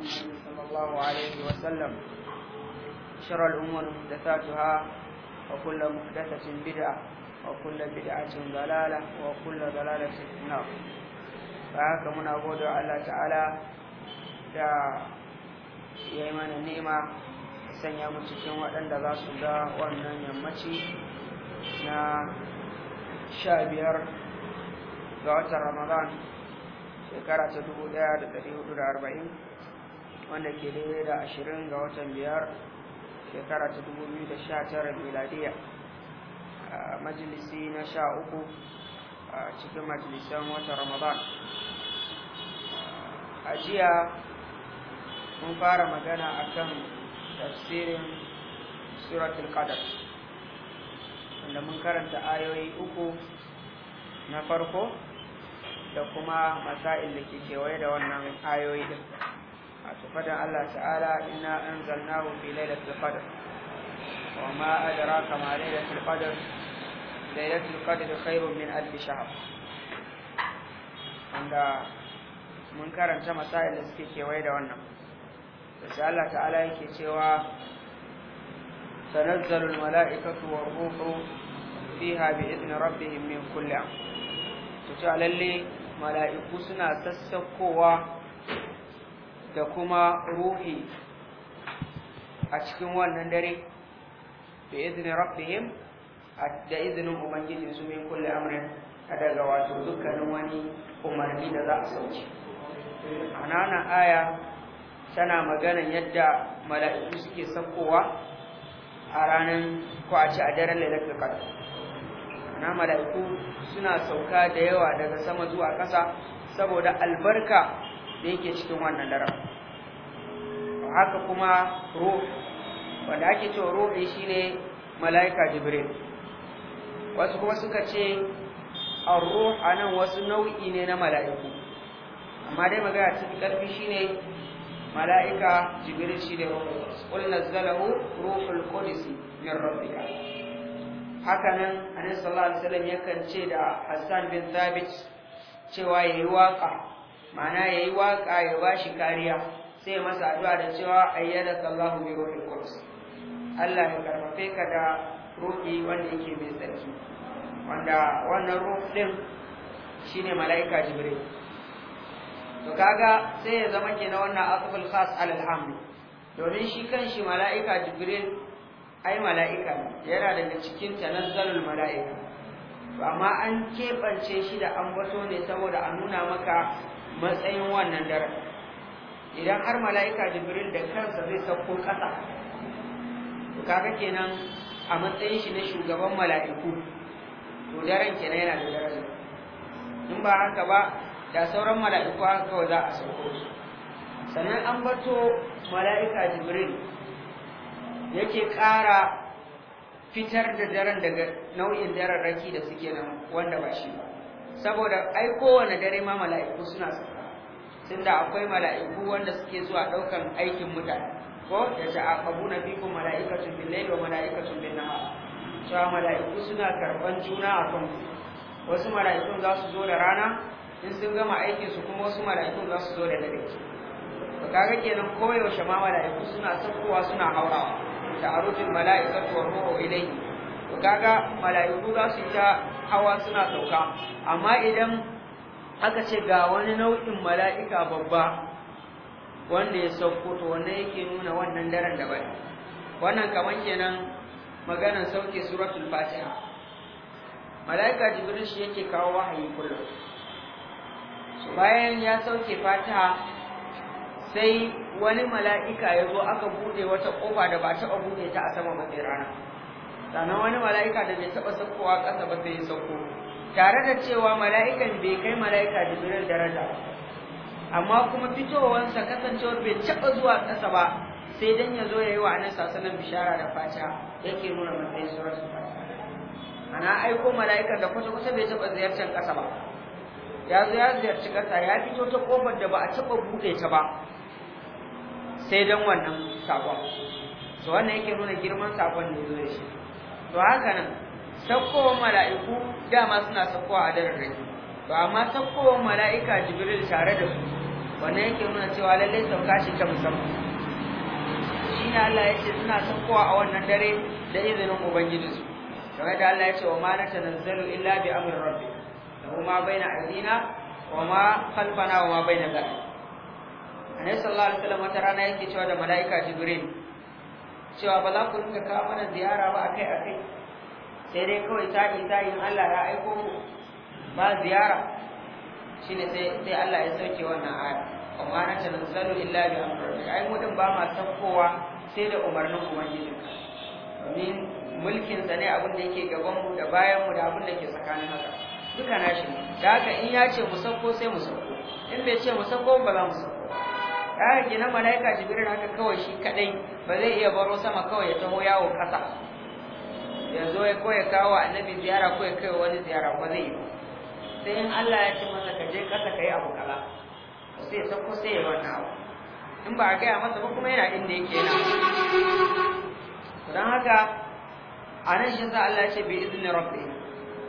النبي صلى الله عليه وسلم شر الأمور محدثاتها وكل محدثة بدعة وكل بدعة ضلالة وكل ضلالة في النار فهكا من أقول الله تعالى دا إيمان النعمة سن mu وأن waɗanda za وأن ga نا شابير na sha biyar ga watan ramadan shekara ta dubu ɗaya da ɗari hudu da arba'in wanda ke daidai da ashirin ga watan biyar shekara ta dubu biyu da sha tara miladiya a majalisi na sha uku a cikin majalisan watan ramadan a jiya mun fara magana a kan tafsirin suratul qadar wanda mun karanta ayoyi uku na farko da kuma masail da ke kewaye da wannan ayoyi din a tufadan Allah ta'ala ina an zanna fi lailatul qadr wa ma adraka ma lailatul qadr lailatul qadr khairun min alf wanda mun karanta masail da suke kewaye da wannan sai Allah ta'ala yake cewa tanazzalu almala'ikatu war-ruhu fiha bi'izni rabbihim min kulli lalle mala'iku suna sassakowa da kuma ruhi a cikin wannan dare da izinin rabbihim da izinin ubangijin su min kulle amrin a daga wato dukkanin wani umarni da za a sauke anana aya tana magana yadda mala'iku suke saukowa a ranar ko a daren lalata kada na mala'iku suna sauka da yawa daga sama zuwa ƙasa saboda albarka da yake cikin wannan daren haka kuma ruh wanda ake cewa ruhi shine mala'ika jibril wasu kuma suka ce ar-ruh anan wasu nau'i ne na mala'iku amma dai magana cikin karfi shine mala'ika jibril shine ruhu qul nazzalahu ruhul qudus min rabbika haka nan annabi sallallahu alaihi wasallam yakan ce da Hassan bin Thabit cewa yayi waka ma'ana yayi waka ya bashi kariya sai masa addu'a da cewa ayyadaka Allahu bi ruhil qudus Allah ya karfafe ka da ruhi wanda yake mai tsarki wanda wannan ruh din shine malaika jibril to kaga sai ya zama kenan wannan aqful khas al hamd domin shi kanshi malaika jibril ai mala'ika yana daga cikin tanazzalul mala'ika amma an kebance shi da ambato ne saboda a nuna maka matsayin wannan daren idan har mala'ika jibril da kansa zai sauko kasa to kaga kenan a matsayin shi na shugaban mala'iku to daren kenan yana da daraja in ba haka ba da sauran mala'iku haka kawai za a sauko su sannan an bato mala'ika jibril yake ƙara fitar da daren daga nau'in dararraki da suke nan wanda ba shi ba saboda ai kowane dare ma mala'iku suna sauka tunda akwai mala'iku wanda suke zuwa daukan aikin mutane ko ya ta'aqabuna fikum mala'ikatun bil layli wa mala'ikatun bin nahar cewa mala'iku suna karban juna a kan wasu mala'ikun za su zo da rana in sun gama aikin su kuma wasu mala'ikun za su zo da dare to kaga kenan koyaushe ma mala'iku suna sakkowa suna haurawa da arujin mala'ikatu wa ruhu ilayhi kaga mala'iku za su ta hawa suna sauka amma idan aka ce ga wani nau'in mala'ika babba wanda ya sauko to wannan yake nuna wannan daren da bai wannan kamar kenan maganar sauke suratul fatiha mala'ika jibril shi yake kawo wahayi kullum bayan ya sauke fatiha sai wani mala'ika ya zo aka bude wata ƙofa da ba ta bude ta a sama mafi rana sannan wani mala'ika da bai taɓa saukowa ƙasa ba sai ya sauko tare da cewa mala'ikan bai kai mala'ika da birin daraja amma kuma fitowarsa kasancewar bai taɓa zuwa ƙasa ba sai dan ya zo ya yi wa anan sassanin bishara da fata yake nuna matsayin suratul fatiha ana aiko mala'ikan da kusa-kusa bai taɓa ziyartar ƙasa ba ya zo ya ziyarci ƙasa ya fito ta ƙofar da ba a taɓa buɗe ta ba sai dan wannan sakon su wannan yake nuna girman sakon da ya zo da shi to haka nan sakkowar mala'iku dama suna sakkowa a daren to amma sakkowar mala'ika jibril tare da su wannan yake nuna cewa lallai sauka shi ta musamman shi ne Allah ya ce suna sakkowa a wannan dare da izinin ubangijinsu kamar da Allah ya ce wa ma na tanazzalu illa bi amri rabbi kuma bai baina aydina wa ma khalfana wa ma baina dhalik Annabi sallallahu alaihi wasallam wata rana yake cewa da mala'ika Jibril cewa ba za ku rinka kawo mana ziyara ba akai akai sai dai kawai sa'i sa'in Allah ya aiko mu ba ziyara shine sai sai Allah ya sauke wannan aya amma na tanzalu illa bi amri ai mu din ba ma saukowa sai da umarnin ubangiji domin mulkin sa ne abin da yake gaban mu da bayan mu da abin da ke tsakanin haka duka nashi ne da haka in ya ce mu sauko sai mu sauko in bai ce mu sauko ba za mu sauko kaga na malaika jibril haka kawai shi kadai ba zai iya baro sama kawai ya taho yawo kasa ya zo ya koya kawo annabi ziyara ko ya kai wani ziyara ba zai yi sai in Allah ya ce masa ka je kasa kai abu kaza sai ya sako sai ya wannan abu in ba a gaya masa ba kuma yana inda yake yana don haka a nan shi sa Allah ce bi izinin rabbi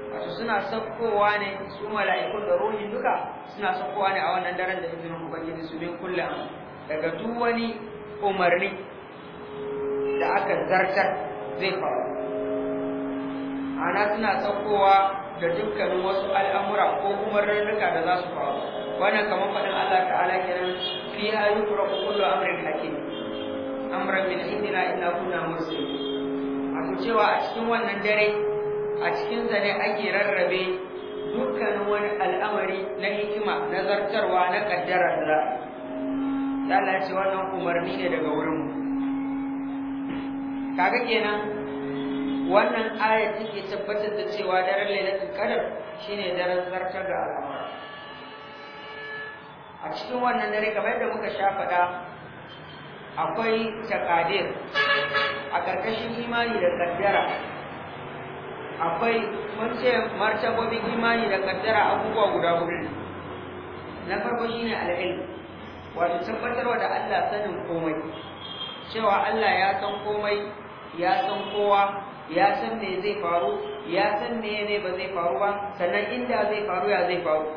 wato suna saukowa ne su mala'ikun da ruhin duka suna saukowa ne a wannan daren da izinin ubangiji su bin kullum daga duk wani umarni da aka zartar zai faru ana suna saukowa da dukkanin wasu al'amura ko duka da za su faru wannan kamar faɗin Allah ta'ala kenan fi ha yufraku kullu amrin hakim amran min indina inna kunna muslimin aku cewa a cikin wannan dare a cikin sa ne ake rarrabe dukkanin wani al'amari na hikima na zartarwa na kaddara sai Allah ya ce wannan umarni ne daga wurin mu kaga kenan wannan aya take tabbatar da cewa daren lailatul qadar shine daren zartar da al'amura a cikin wannan dare kamar yadda muka sha faɗa akwai takadir a ƙarƙashin imani da kaddara akwai mun ce martabobin imani da kaddara abubuwa guda hudu na farko shine al'ilm wato tabbatarwa da Allah sanin komai cewa Allah ya san komai ya san kowa ya san me zai faru ya san me ne ba zai faru ba sannan inda zai faru ya zai faru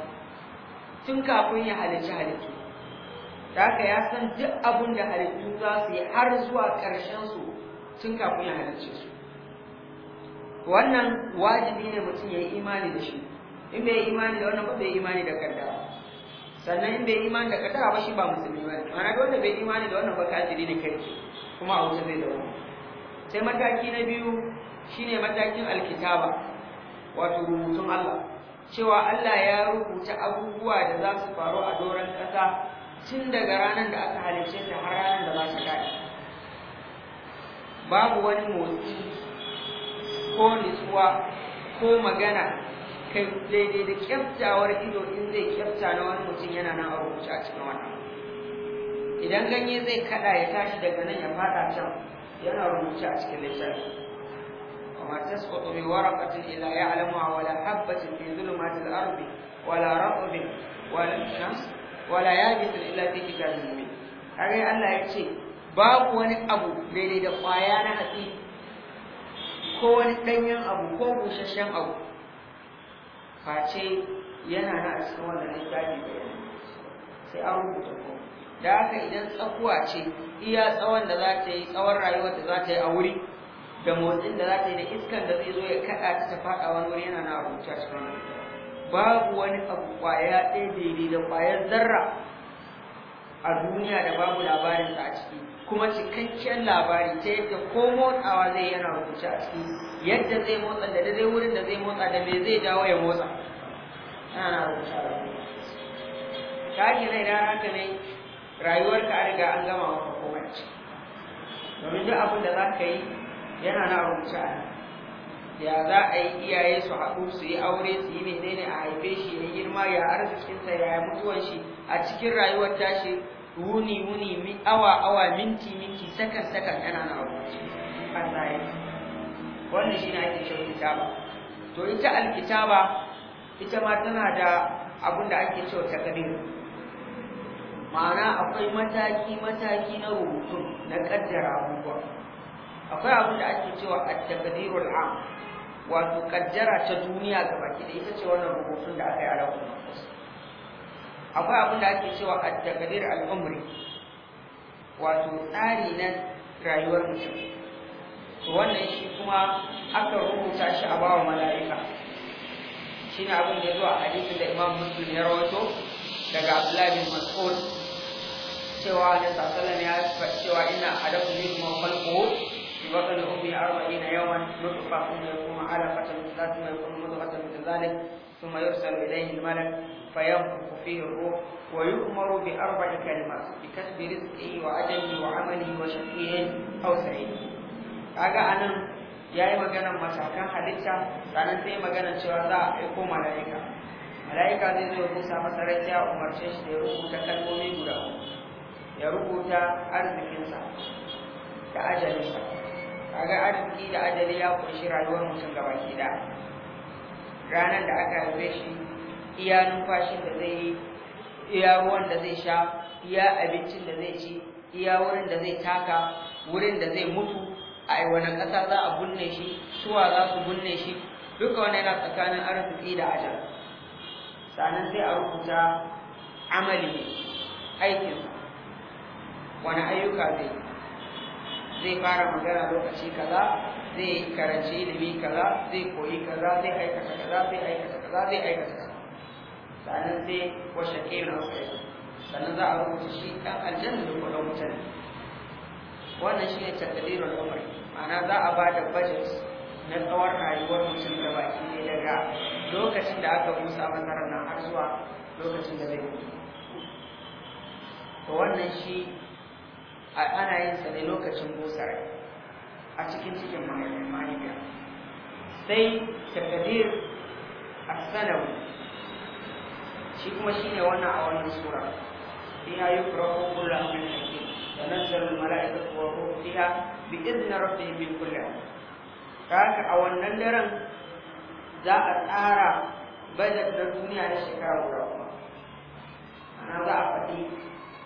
tun kafin ya halicci halittu haka ya san duk abin da halittu za su yi har zuwa ƙarshen su tun kafin ya halicce su wannan wajibi ne mutum ya yi imani da shi in bai imani da wannan ba bai imani da kaddawa sannan in bai imani da kadara ba shi ba musulmi ba mana dole bai imani da wannan ba kafiri ne kai kuma a wuta zai da wani sai mataki na biyu shine matakin alkitaba wato rubutun Allah cewa Allah ya rubuta abubuwa da za su faru a doron kasa tun daga ranar da aka halice ta har ranar da za su kare babu wani motsi ko nutsuwa ko magana kai daidai da kyaftawar ido in zai kyafta na wani mutum yana nan a rubuce a cikin wannan idan ganye zai kada ya tashi daga nan ya fada can yana rubuce a cikin littafi وما تسقط من ورقة إلا يعلمها wala حبة في ظلمات الأرض ولا رطب ولا شمس ولا يابس إلا في كتاب مبين kare Allah ya ce babu wani abu daidai da kwaya na hatsi ko wani ɗanyen abu ko busasshen abu face yana na wanda cikin wannan littafi bayani sai an rubuta ko da haka idan tsakuwa ce iya tsawon da za ta yi tsawon rayuwar da za ta yi a wuri da motsin da za ta yi da iskan da zai zo ya kaɗa ta ta faɗa wani wuri yana na rubuta cikin wannan babu wani abu ƙwaya ɗaya daidai da ƙwayar zarra a duniya da babu labarin a ciki kuma cikakken labari ta yadda ko motsawa zai yana rubuta a ciki. yadda zai motsa da dai wurin da zai motsa da me zai dawo ya motsa ana rubuta ka ki ne da haka ne rayuwarka an riga an gama wa komai domin duk abin da za ka yi yana na rubuta ya za a yi iyaye su haɗu su yi aure su yi menene a haife shi ne girma ya arzikinsa ya mutuwan shi a cikin rayuwar tashi wuni wuni awa awa minti minti sakan sakan yana na rubuta Allah ya wannan shine ake cewa kitaba to ita alkitaba ita ma tana da abin da ake cewa takdir ma'ana akwai mataki mataki na rubutu na kaddara abubuwa akwai abin da ake cewa at takdirul am wato kaddara ta duniya gabaki da ita ce wannan rubutun da aka yi a akwai abin da ake cewa at takdir al-umri wato tsari na rayuwar mutum to wannan shi kuma aka rubuta shi a bawa mala'ika shine abin da ya zo a da Imam Muslim ya rawaito daga Abdullahi bin Mas'ud cewa da sallallahu ya cewa ina adabu min mawqalqu ya batni ummi 40 yawman nutfa thumma yakunu 'alaqatan thumma yakunu mudghatan min dhalik thumma yursalu ilayhi al-malak fayanfukhu fihi ar-ruh wa kuma bi arba'i kalimat bi kasbi rizqihi wa ajali wa 'amali wa shaqiyin aw yi? kaga anan yayi maganar masakan halitta sannan sai magana cewa za a aiko mala'ika mala'ika zai zo sa masa rai ya umarce shi ya rubuta kalmomi guda ya rubuta arzikinsa da sa kaga arziki da ajali ya kunshi rayuwar mutum gaba da. ranar da aka haife shi iya numfashin da zai yi iya ruwan da zai sha iya abincin da zai ci iya wurin da zai taka wurin da zai mutu ai wani ƙasa za a binne shi suwa za su binne shi duka wani yana tsakanin arziki da ajal sannan sai a rubuta amali aikin, wani ayyuka zai zai fara magana lokaci kaza zai karanci ilimi kaza zai koyi kaza zai aikata kaza zai aikata kaza zai aikata kaza sannan sai washe kenan sannan za a rubuta shi ɗan aljanna da kuɗin mutane wannan shi ne takdirul umar ana za a ba da budget na tsawon rayuwar mutum da baki ne daga lokacin da aka busa masarar na har zuwa lokacin da zai mutu wannan shi ana yin sa ne lokacin busar a cikin cikin mahaifiya sai takdir as shi kuma shine wannan a wannan sura fiha kullum a amrin hakim تنزل الملائكة والروح فيها بإذن ربهم من كل أمر كاك أو النندرن ذا الآراء بدأت الدنيا لشكرا ورحمة أنا ذا أفتي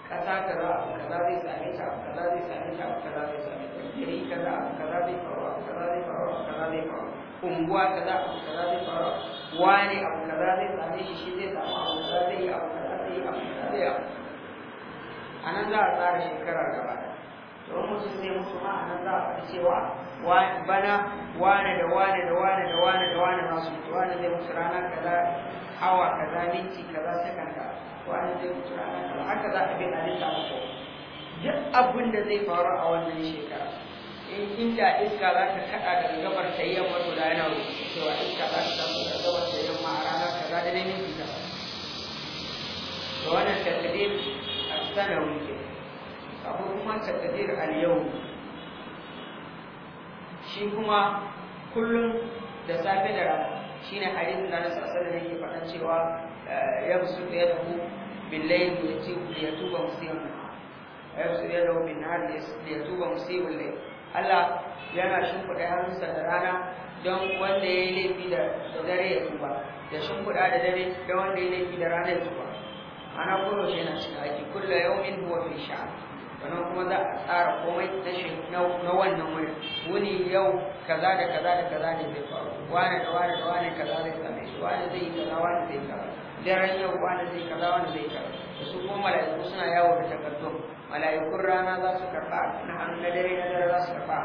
كذا كذا كذا ذي سامي كذا ذي سامي كذا ذي سامي جري كذا كذا ذي فروا كذا ذي فروا كذا ذي فروا unguwa كذا كذا kaza zai واني wani كذا kaza zai same shi shi zai كذا abu kaza كذا yi abu كذا zai yi a nan za a tsara shekara gaba don mutum zai mutu ma a nan za a fi cewa bana wane da wane da wane da wane da wane na su wane zai mutu rana kaza awa kaza minti kaza sakanta ka wane zai mutu rana kaza haka za a bi a rinka muku duk abin da zai faru a wannan shekara in inda iska za ta kaɗa da gabar tayyan wato to da yana rubuta cewa iska za ta samu da gabar tayyan yamma a ranar kaza da dai minti kaza da wannan takdir سنوي akwai kuma takadir al-yau shi kuma kullum da safe da rana shine hadisin da Rasul sallallahu alaihi wasallam faɗan cewa eh, yamsu da yadahu bil layl ya tuba musiyam yamsu da yadahu ya Allah yana shimfiɗa hannunsa da rana don wanda ya yi laifi da dare ya tuba da shimfiɗa da dare wanda ya yi laifi da rana ya tuba ana kullu shi yana cikin aiki kullu yawmin huwa fi sha'an wannan kuma za a tsara komai na shi na wannan wuri wuni yau kaza da kaza da kaza ne zai faru wani da wani da wani kaza zai same shi wani zai yi kaza wani zai kaza daren yau wani zai kaza wani zai kaza da su kuma mala'iku suna yawo da takardun mala'ikun rana za su karɓa na hannu na dare na dare za su karɓa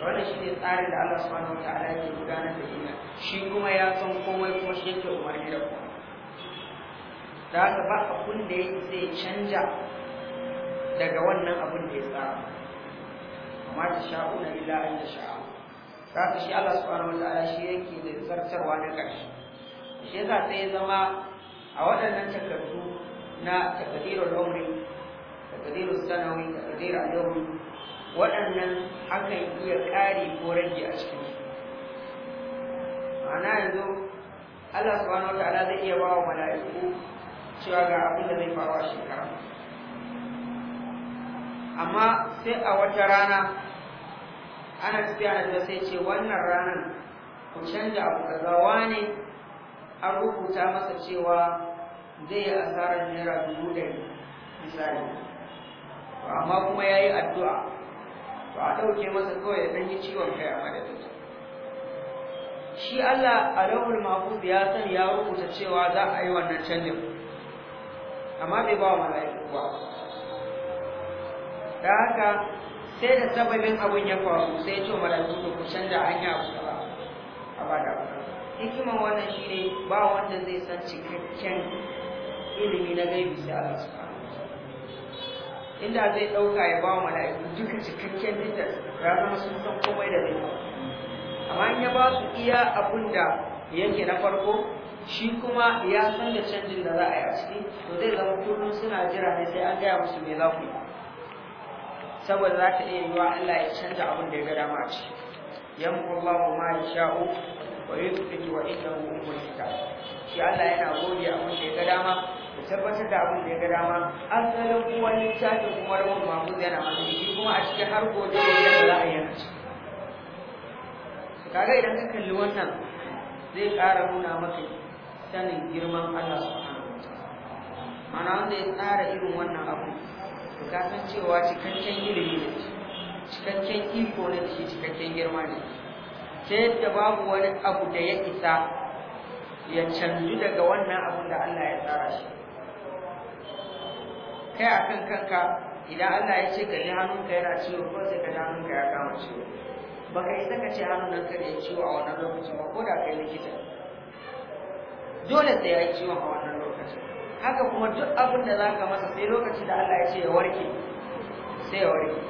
wannan shi ne tsarin da Allah subhanahu wa ta'ala yake gudanar da ina shi kuma ya san komai kuma shi yake umarni da komai da haka ba abun da ya zai canja daga wannan abun da ya tsara amma ta sha'una illa an da sha'a za ka shi Allah ana wataala shi yake da zartarwa na ƙarshe shi za sai ya zama a waɗannan takardu na takdirul lauri takdirul sanawi takdirul lauri waɗannan hakan iya ƙari ko rage a cikin su ma'ana yanzu Allah subhanahu wataala zai iya ba wa mala'iku cewa ga abin da zai faru a shekara amma sai a wata rana ana tafiya da sai ce wannan ranar ku canja abu kazawa ne an rubuta masa cewa zai yi asarar naira dubu da misali amma kuma ya yi addu'a ba a ɗauke masa kawai da ɗanyi ciwon kai a madadin shi Allah a lahul mahfuz ya sani ya rubuta cewa za a yi wannan canjin amma bai ba wa mala'iku ba da haka sai da sababin abin ya faru sai ce mala'iku da ku canza hanya ku ba da hikiman wannan shi ne ba wanda zai san cikakken ilimi na gaibi sai Allah subhanahu inda zai ɗauka ya ba wa mala'iku duka cikakken dinda ya zama sun san komai da zai amma in ya ba su iya abin da yake na farko shi kuma ya san da canjin da za a yi a ciki to zai zama kullum suna jira ne sai an gaya musu me za ku yi saboda za ta iya yiwa Allah ya canja abin da ya ga dama a ciki yamqullahu ma yasha'u wa yuthbitu wa innahu ummul kitab shi Allah yana goge abin da ya ga dama da tabbatar da abin da ya ga dama asalin kuwa littafin kuma rabon mahmud yana hannun shi kuma a cikin har gobe da za a yi a ciki kaga idan ka kalli wannan zai ƙara nuna maka sanin girman Allah subhanahu mana wanda ya tsara irin wannan abu to ka san cewa cikakken ilimi ne cikakken iko ne shi cikakken girma ne ta yadda babu wani abu da ya isa ya canju daga wannan abun da Allah ya tsara shi kai a kan kanka idan Allah ya ce gani hannunka yana ciwo ko sai ka ji hannunka ya kama ciwo baka isa ka ce hannun nan ka ciwo a wannan lokacin ba ko da kai likita dole sai ya yi ciwon a wannan lokacin haka kuma duk abin da za ka masa sai lokacin da Allah ya ce ya warke sai ya warke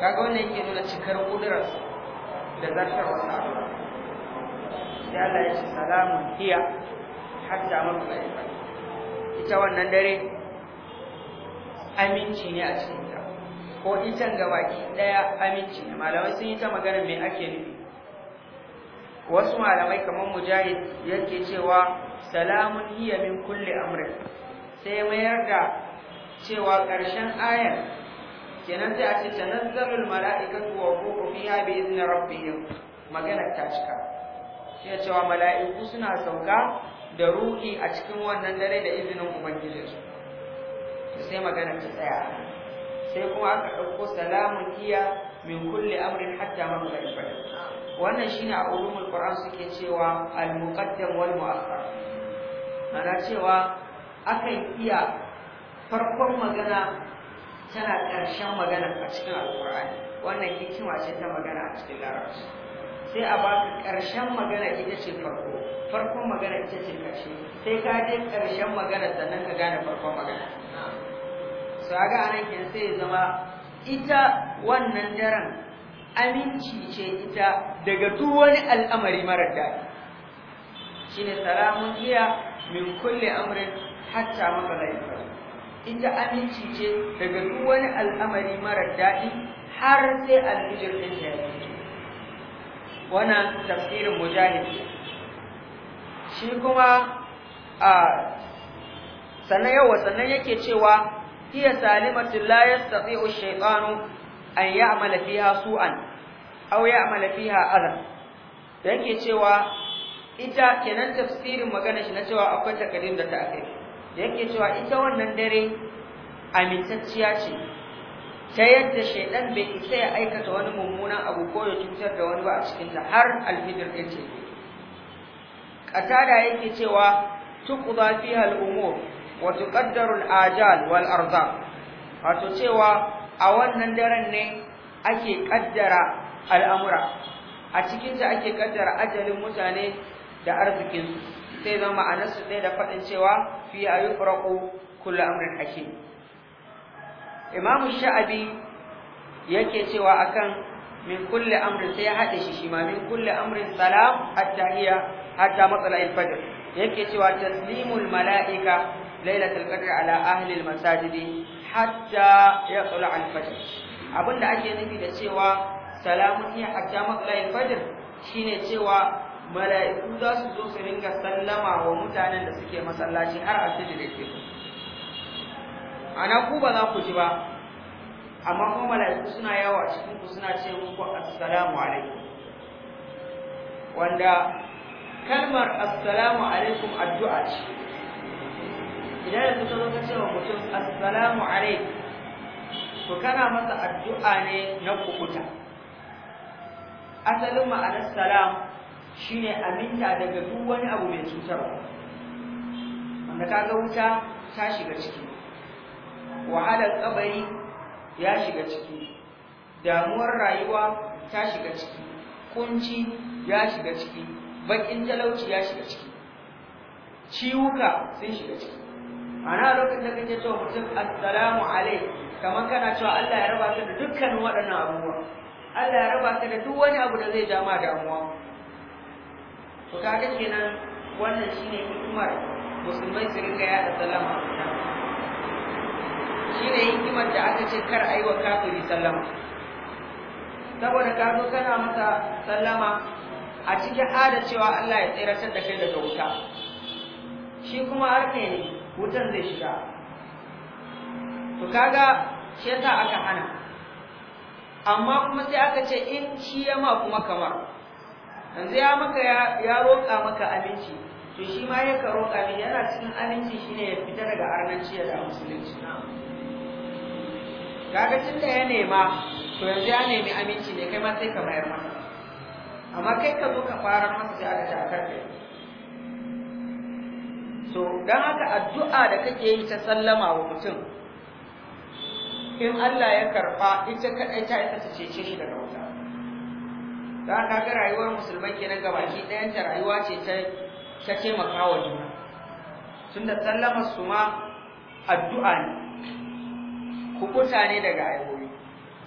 kaga wannan yake nuna cikar kudurarsa da zartar wasa abu sai Allah ya ce salamun hiya hatta mafi ita wannan dare aminci ne a cikin ta ko ita gabaki daya aminci ne malamai sun yi ta magana mai ake nufi wasu malamai kamar mujahid yake cewa salamun hiya min kulli amrin sai mayar da cewa ƙarshen ayar kenan sai a ce tanazzalul mala'ikatu wa ruhu fiha bi idni rabbihim magana ta cika sai cewa mala'iku suna sauka da ruhi a cikin wannan dare da izinin ubangijinsu sai magana ta tsaya sai kuma aka ɗauko salamun iya min kulle amrin hatta maghrib fajr wannan shi ne a ulumul qur'an suke cewa al muqaddam wal mu'akhkhar ana cewa akan iya farkon magana tana ƙarshen magana a cikin alqur'ani wannan hikima ce ta magana a cikin larabci sai a baka ƙarshen magana ita ce farko farkon magana ita ce ƙarshe sai ka je ƙarshen magana sannan ka gane farkon magana su ga sai zama ita wannan daren aminci ce ita daga duk wani al'amari marar daɗi shine salamun iya min kulle amrin hatta makalaifa ita aminci ce daga duk wani al'amari marar daɗi har sai alfijir ɗin ya yi wannan tafsirin mujahid shi kuma a sannan wa sannan yake cewa hiya salimatun la yastati'u shaytanu an ya'mala fiha su'an aw ya'mala fiha adha yake cewa ita kenan tafsirin magana shi na cewa akwai takaddum da ta'khir yake cewa ita wannan dare amintacciya ce ta yadda shaidan bai isa ya aikata wani mummunan abu ko ya cutar da wani ba a cikinta har alfijir ɗin ce. Ƙatada yake cewa tuƙuza fi al'umur wa ƙaddarul ajal wal wato cewa a wannan daren ne ake kaddara al'amura a cikin ta ake ƙaddara ajalin mutane da arzikin su sai zama nasu ɗaya da faɗin cewa fi ayyufraqu kullu amrin hakim imam sha'abi yake cewa akan min kulle amrin sai ya haɗe shi shi ma min kulle amrin salam at-tahiyya hatta matsala fajr yake cewa taslimul mala'ika lailatul qadr ala ahli al-masajidi hatta yatla al-fajr abinda ake nufi da cewa salamun hiya hatta matla al-fajr shine cewa mala'iku za su zo su ringa sallama wa mutanen da suke masallaci har alfajir ke. ana ku ba za ku ji ba amma kuma mala'iku suna yawo a cikin ku suna ce muku assalamu alaikum wanda kalmar assalamu alaikum addu'a ce idan yanzu ka zo ka wa mutum assalamu alaikum to kana masa addu'a ne na kukuta asalin ma'anar salam shine aminta daga duk wani abu mai cutarwa wanda ga wuta ta shiga ciki wahalar kabari ya shiga ciki damuwar rayuwa ta shiga ciki kunci ya shiga ciki baƙin talauci ya shiga ciki ciwuka sun shiga ciki ana lokacin da kake cewa mutum assalamu alai kamar kana cewa Allah ya raba ka da dukkanin waɗannan abubuwa Allah ya raba ka da duk wani abu da zai jama damuwa to kaga kenan wannan shine hikimar musulmai su ringa yaɗa salama a shine hikimar da aka ce kar a yi wa kafiri sallama saboda ka zo kana masa sallama a cikin adacewa Allah ya tsira da kai daga wuta shi kuma harfe ne wutan zai shiga to kaga shi yasa aka hana amma kuma sai aka ce in shi ya ma kuma kamar yanzu ya maka ya roƙa maka abinci to shi ma ya ka roƙa min yana cikin aminci shine ya fita daga arnanci da musulunci kaga da ya nema to yanzu ya nemi aminci ne kai ma sai ka bayar masa amma kai ka zo ka fara masa sai aka ta karfe so don haka addu'a da kake yi ta sallama wa mutum in Allah ya karɓa ita kadai ta yi ta cece shi daga wuta za haka ga rayuwar musulmai kenan gabaki ta rayuwa ce ta taimaka wa juna tunda sallamar su ma addu'a ne kukuta ne daga ayoyi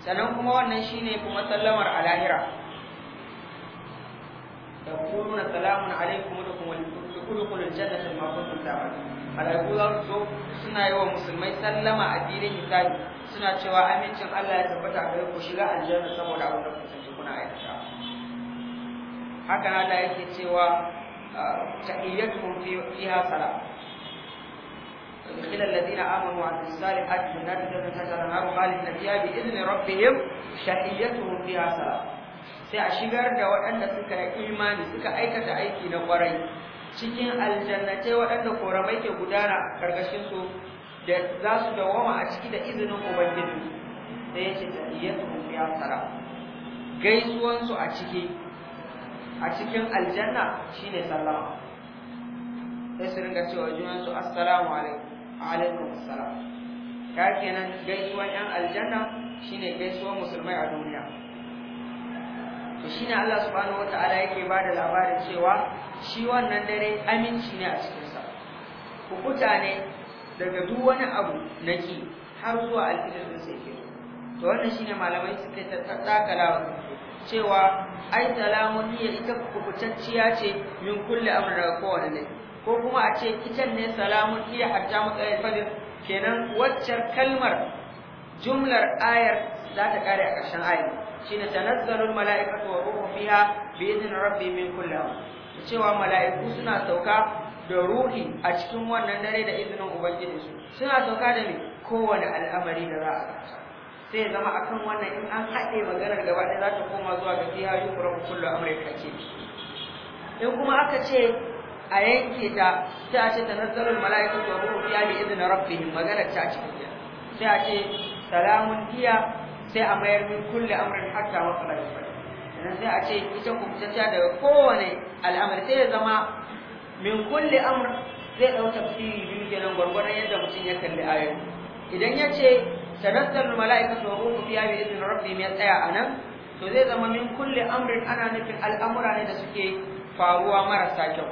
sannan kuma wannan shine kuma sallamar alahira da kuma salamun alaikum wa rahmatullahi udkhulul jannata bima kuntum ta'malun malaiku za su zo suna yi wa musulmai sallama a filin hisabi suna cewa amincin Allah ya tabbata a gare ku shiga aljanna saboda abin da kuka kuna aikata haka na Allah yake cewa ah, tahiyyatuhum fiha salam ويدخل الذين امنوا وعملوا الصالحات جنات تجري من خالدين فيها باذن ربهم تحيتهم فيها سلام sai a shigar da waɗanda suka yi imani suka aikata aiki na kwarai. cikin aljannatai waɗanda koramai ke gudana ƙarƙashin su da za su dawama a ciki da izinin ubangiji da ce tahiyyatuhum fiha salam gaisuwan su a ciki a cikin aljanna shine sallama sai su ringa cewa junan su assalamu alaikum alaikum assalam ka kenan gaisuwan yan aljanna shine gaisuwan musulmai a duniya to shine Allah subhanahu wataala yake ba da labarin cewa shi wannan dare aminci ne a cikinsa kukuta ne daga duk wani abu na ki har zuwa alfitar da sai ke to wannan shine malamai suka tattakala cewa ai salamun hiya ita kukutacciya ce min kulli amr daga kowane ne ko kuma a ce ita ne salamun hiya hatta matsayar fadin kenan waccan kalmar jumlar ayar za ta kare a ƙarshen ayar shine tanazzalul mala'ikatu wa ruhu fiha bi idni rabbi min kulli amr cewa mala'iku suna sauka da ruhi a cikin wannan dare da izinin ubangiji su suna sauka da kowanne kowane al'amari da za a sai ya zama akan wannan in an haɗe maganar gaba ɗaya za ta koma zuwa ga fiha yukra kullu amrin hakim in kuma aka ce a yanke ta sai a ce tanazzalul mala'ikatu wa ruhu fiha bi idni rabbihim maganar ta cikin sai a ce salamun hiya sai a mayar min kulli amrin hatta wa qala sannan sai a ce ita kubutacciya daga kowane al'amari sai ya zama min kulli amr zai dau tafsiri biyu kenan gwargwadon yadda mutum ya kalli ayoyi idan ya ce tanazzalu mala'ikatu wa ruhu fiha bi idni rabbi mai tsaya anan to zai zama min kulli amrin ana nufin al'amura ne da suke faruwa marasa kyau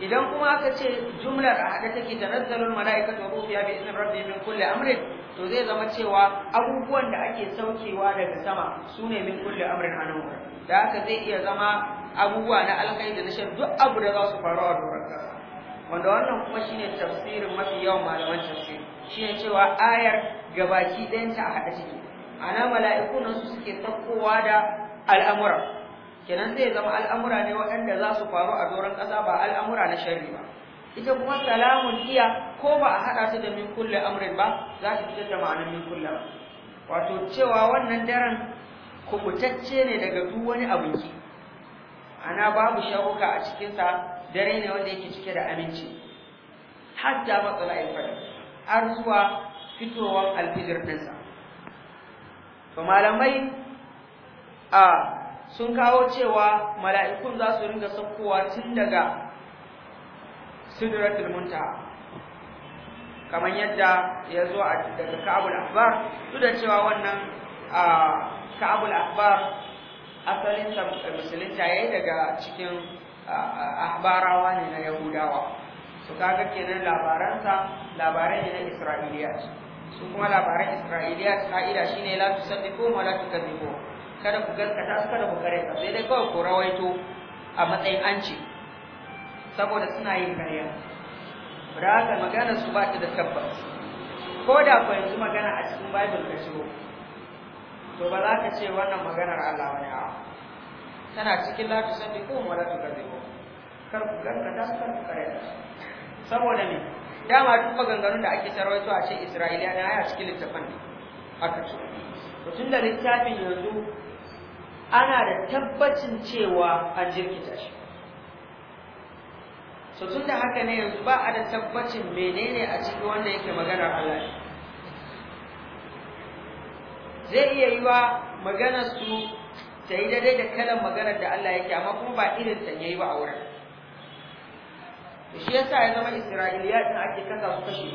idan kuma aka ce jumlar a hada take tanazzalul mala'ikatu wa ruhu fiha bi idni rabbihim min kulli amrin to zai zama cewa abubuwan da ake saukewa daga sama su ne min kulli amrin anan da haka zai iya zama abubuwa na alkai da na duk abu da za su faru a doron kasa wanda wannan kuma shine tafsirin mafi yawan malaman Shi shine cewa ayar gabaki ɗayanta a haɗa ciki ana mala'iku nan su suke sakkowa da al'amura kenan zai zama al'amura ne waɗanda za su faru a doron ƙasa ba al'amura na sharri ba ita kuma salamun iya ko ba a haɗa ta da min kulle amrin ba za ta fitar da ma'anar min kulle wato cewa wannan daren kubutacce ne daga duk wani abinci ana babu shawuka a cikinsa dare ne wanda yake cike da aminci hatta matsala fara har zuwa fitowar alfijir ɗinsa to malamai a sun kawo cewa mala'ikun za su ringa saukowa tun daga sidratul muntaha kamar yadda ya zo a daga ka'abul ahbar duk da cewa wannan ka'abul ahbar asalin musulunta yayi daga cikin ahbarawa ne na yahudawa su kaga kenan labaransa labarai ne na Isra'iliya su kuma labaran isra'iliya ka'ida shine la tusaddiqu wa la tukadibu kada ku gaskata kada ku kare sai dai kawai ku rawaito a matsayin an saboda suna yin karya da haka magana su ba ta da tabbas ko da ku yanzu magana a cikin bible ka ciro to ba za ka ce wannan maganar Allah wani a tana cikin kuma wala ta la ko kar ku ganga da kar ku karya saboda ne dama duk maganganun da ake sarwaito a ce Isra'iliya na a cikin littafin aka ce to tun da littafin yanzu ana da tabbacin cewa an jirkita shi so tun da haka ne yanzu ba a da tabbacin menene a cikin wanda yake maganar Allah ne zai iya yi wa maganar su ta yi daidai da kalan maganar da Allah yake amma kuma ba irin ta yayi ba a wurin shi yasa ya zama Isra'iliya din ake kasa su kashi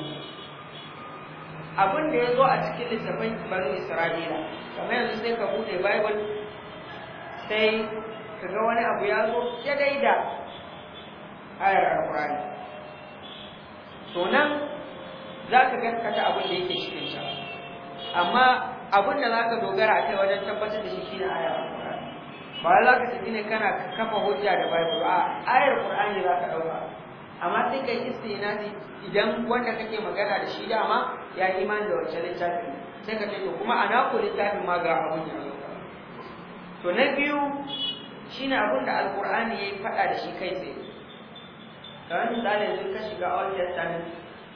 abin da ya zo a cikin littafin banu Isra'ila kamar yanzu sai ka bude Bible sai ka ga wani abu ya zo ya daida ayar alqur'ani to nan za ka gaskata abin da yake cikin sa amma abin da za ka dogara a kai wajen tabbatar da shi shine ayar alqur'ani ba za ka tafi ne kana kafa hujja da bible a ayar alqur'ani za ka dauka amma sai kai ne idan wanda kake magana da shi dama ya imani da wancan littafin sai ka ce to kuma ana ko littafin ma ga abin da to na biyu shine abin da alqur'ani yayi fada da shi kai tsaye wani misali yanzu ka shiga a wajen tani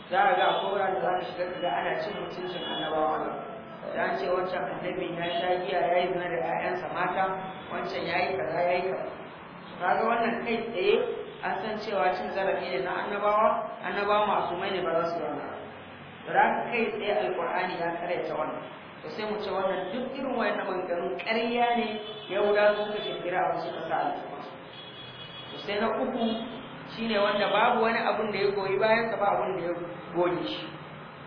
za a ga kowa da za ka shiga kaga ana cin mutuncin annabawa Allah ya ce wancan annabin ya sha giya ya yi zina da 'ya'yansa mata wancan ya yi kaza ya yi kaza ga wannan kai tsaye an san cewa cin zarafi ne na annabawa annabawa masu mai ne ba za su wannan Da za ka kai tsaye alkur'ani ya ta wannan to sai mu ce wannan duk irin wayannan maganganun ƙarya ne ya su suka shekira a wasu ƙasa a to sai na uku shine wanda babu wani abun da ya goyi bayan sa ba abun da ya goyi shi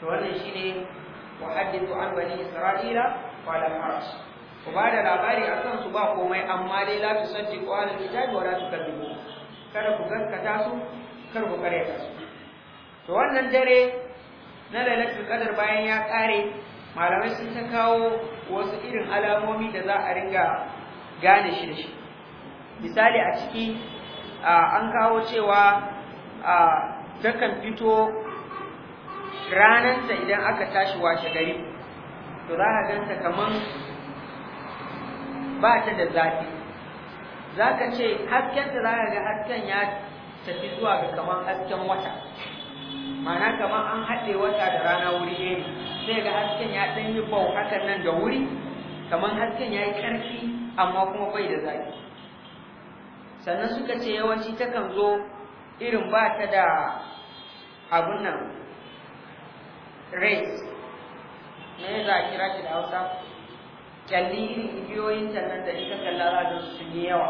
to wannan shine wa hadithu an bani isra'ila wa la haraj ku ba da labari akan su ba komai amma dai la tusaddiqu ahli kitabi wa la tukadibu kada ku ta su kar ku karyata su to wannan dare na lailatul qadar bayan ya kare malamai sun ta kawo wasu irin alamomi da za a ringa gane shi da shi misali a ciki an kawo cewa takan fito rananta idan aka tashi washe gari to za a ganta kaman ba ta da zafi za ka ce haskenta za ka ga hasken ya tafi zuwa ga kamar hasken wata mana kaman an haɗe wata da rana wuri ne sai ga hasken ya ɗan yi bau hakan nan da wuri kaman hasken ya yi ƙarfi amma kuma bai da zafi sannan suka ce yawanci takan zo irin ba ta da abun nan race me za a kira shi da hausa kyalli irin igiyoyin sannan da ita kalla za a su yi yawa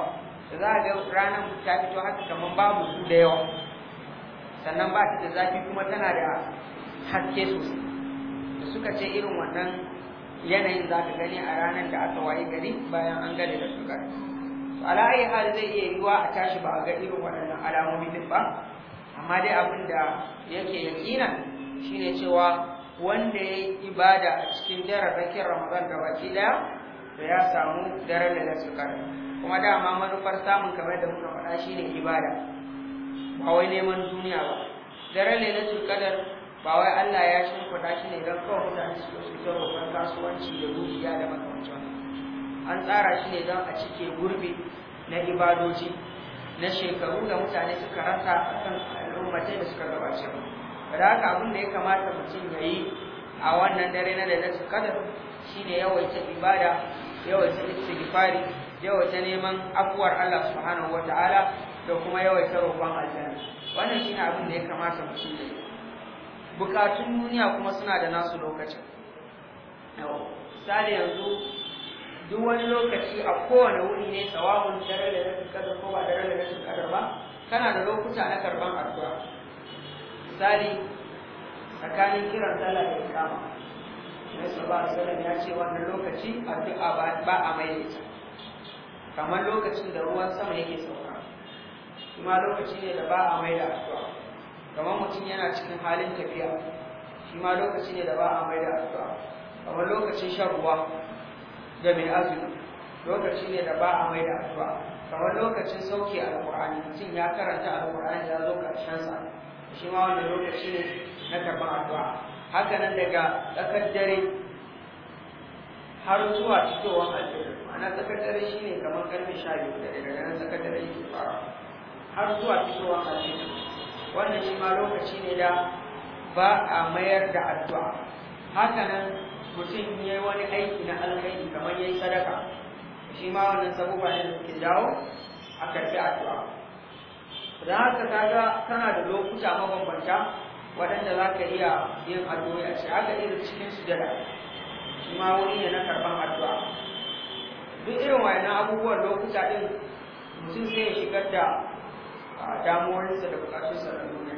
da za a ga ranar ta fito haka kamar babu su da yawa sannan ba ta da zafi kuma tana da haske sosai da suka ce irin wannan yanayin za ka gani a ranar da aka waye gari bayan an gane da suka to ala ayi hal zai iya yiwa a tashi ba a ga irin waɗannan alamomi din ba amma dai abin da yake yakina shine cewa wanda ya yi ibada a cikin jararrakin ramadan da baki daya to ya samu daren da nasu kuma dama manufar samun kamar da muka faɗa shine ibada ba wai neman duniya ba daren lailatul qadar ba wai Allah ya shimfiɗa shi ne don kawai mutane su su ta kasuwanci da dukiya da maka an tsara shi ne don a cike gurbi na ibadoji na shekaru da mutane suka rasa akan al'ummatai da suka gabace mu da haka abin da ya kamata mutum ya yi a wannan dare na lailatul shi ne yawaita ibada yawaita istighfari yawaita neman afuwar Allah subhanahu ta'ala da kuma yawaita roƙon aljanna wannan shi ne abin da ya kamata mutum ya yi bukatun duniya kuma suna da nasu lokacin misali yanzu duk wani lokaci a kowane wuri ne sawa'un dare da rashin kadar ko ba dare da rashin kadar ba kana da lokuta na karban addu'a misali tsakanin kiran sallah da ikama Nabi sallallahu alaihi wasallam ya ce wannan lokaci addu'a ba a maimaita kamar lokacin da ruwan sama yake sauka kuma lokaci ne da ba a maida addu'a kamar mutum yana cikin halin tafiya shi ma lokaci ne da ba a maida addu'a kamar lokacin shan ruwa da mai azumi lokaci ne da ba a mai da addu'a kamar lokacin a alqur'ani mutum ya karanta alqur'ani ya zo karshen sa shi ma wannan lokaci ne na karɓar addu'a haka nan daga tsakar dare har zuwa fitowar alfajir ma'ana tsakar dare shi ne kamar karfe 12 da daga nan tsakar dare yake fara har zuwa fitowar alfajir wannan shi ma lokaci ne da ba a mayar da addu'a haka nan mutum ya yi wani aiki na alkhairi kamar ya yi sadaka shi ma wannan sabuwa ne ke dawo a karfi addu'a za ka kaga tana da lokuta mabambanta waɗanda za ka iya yin addu'o'i a shi haka irin cikin sujada shi ma wuri ne na karɓar addu'a duk irin wayannan abubuwan lokuta ɗin mutum sai ya shigar da damuwarsa da buƙatunsa da duniya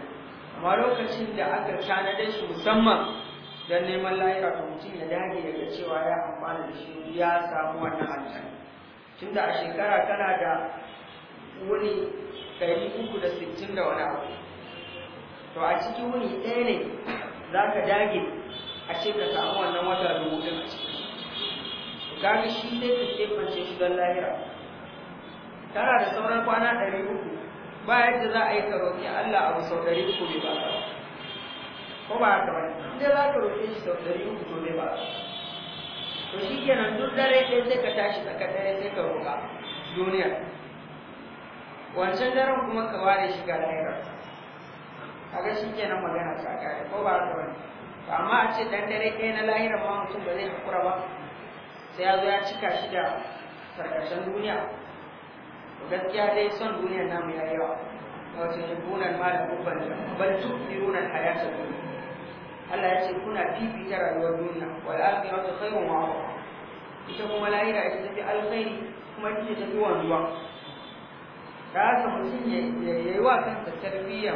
amma lokacin da aka tanadar shi musamman dan neman lahira to mutum ya dage daga cewa ya amfana da shi ya samu wannan tun tunda a shekara tana da wuni ɗari uku da sittin da wani abu to a cikin wuni ɗaya ne za ka dage a ce ka samu wannan wata dubu ɗin a ciki kaga shi sai ka kebance shi don lahira tana da sauran kwana ɗari uku ba yadda za a yi ka roƙi Allah abu sau ɗari uku bai ba ko ba haka ba dai za ka roƙe shi sau ɗari uku to zai ba to shi kenan duk dare ɗaya sai ka tashi tsakar dare sai ka roƙa duniya wancan daren kuma ka ware shi ga naira kaga shi kenan magana ta kare ko ba haka bane to amma a ce dan dare ɗaya na lahira ma mutum ba zai hakura ba sai ya zo ya cika shi da sarkashin duniya to gaskiya dai son duniyar namu ya yawa wato yubunan ma da ubban bal tu'minuna hayata dunya Allah ya ce kuna fifita rayuwar duniya wal akhiratu khairun wa abqa ita kuma lahira ita tafi alkhairi kuma ita ce tafi wanzuwa da haka mutum ya yi wa kansa tarbiyya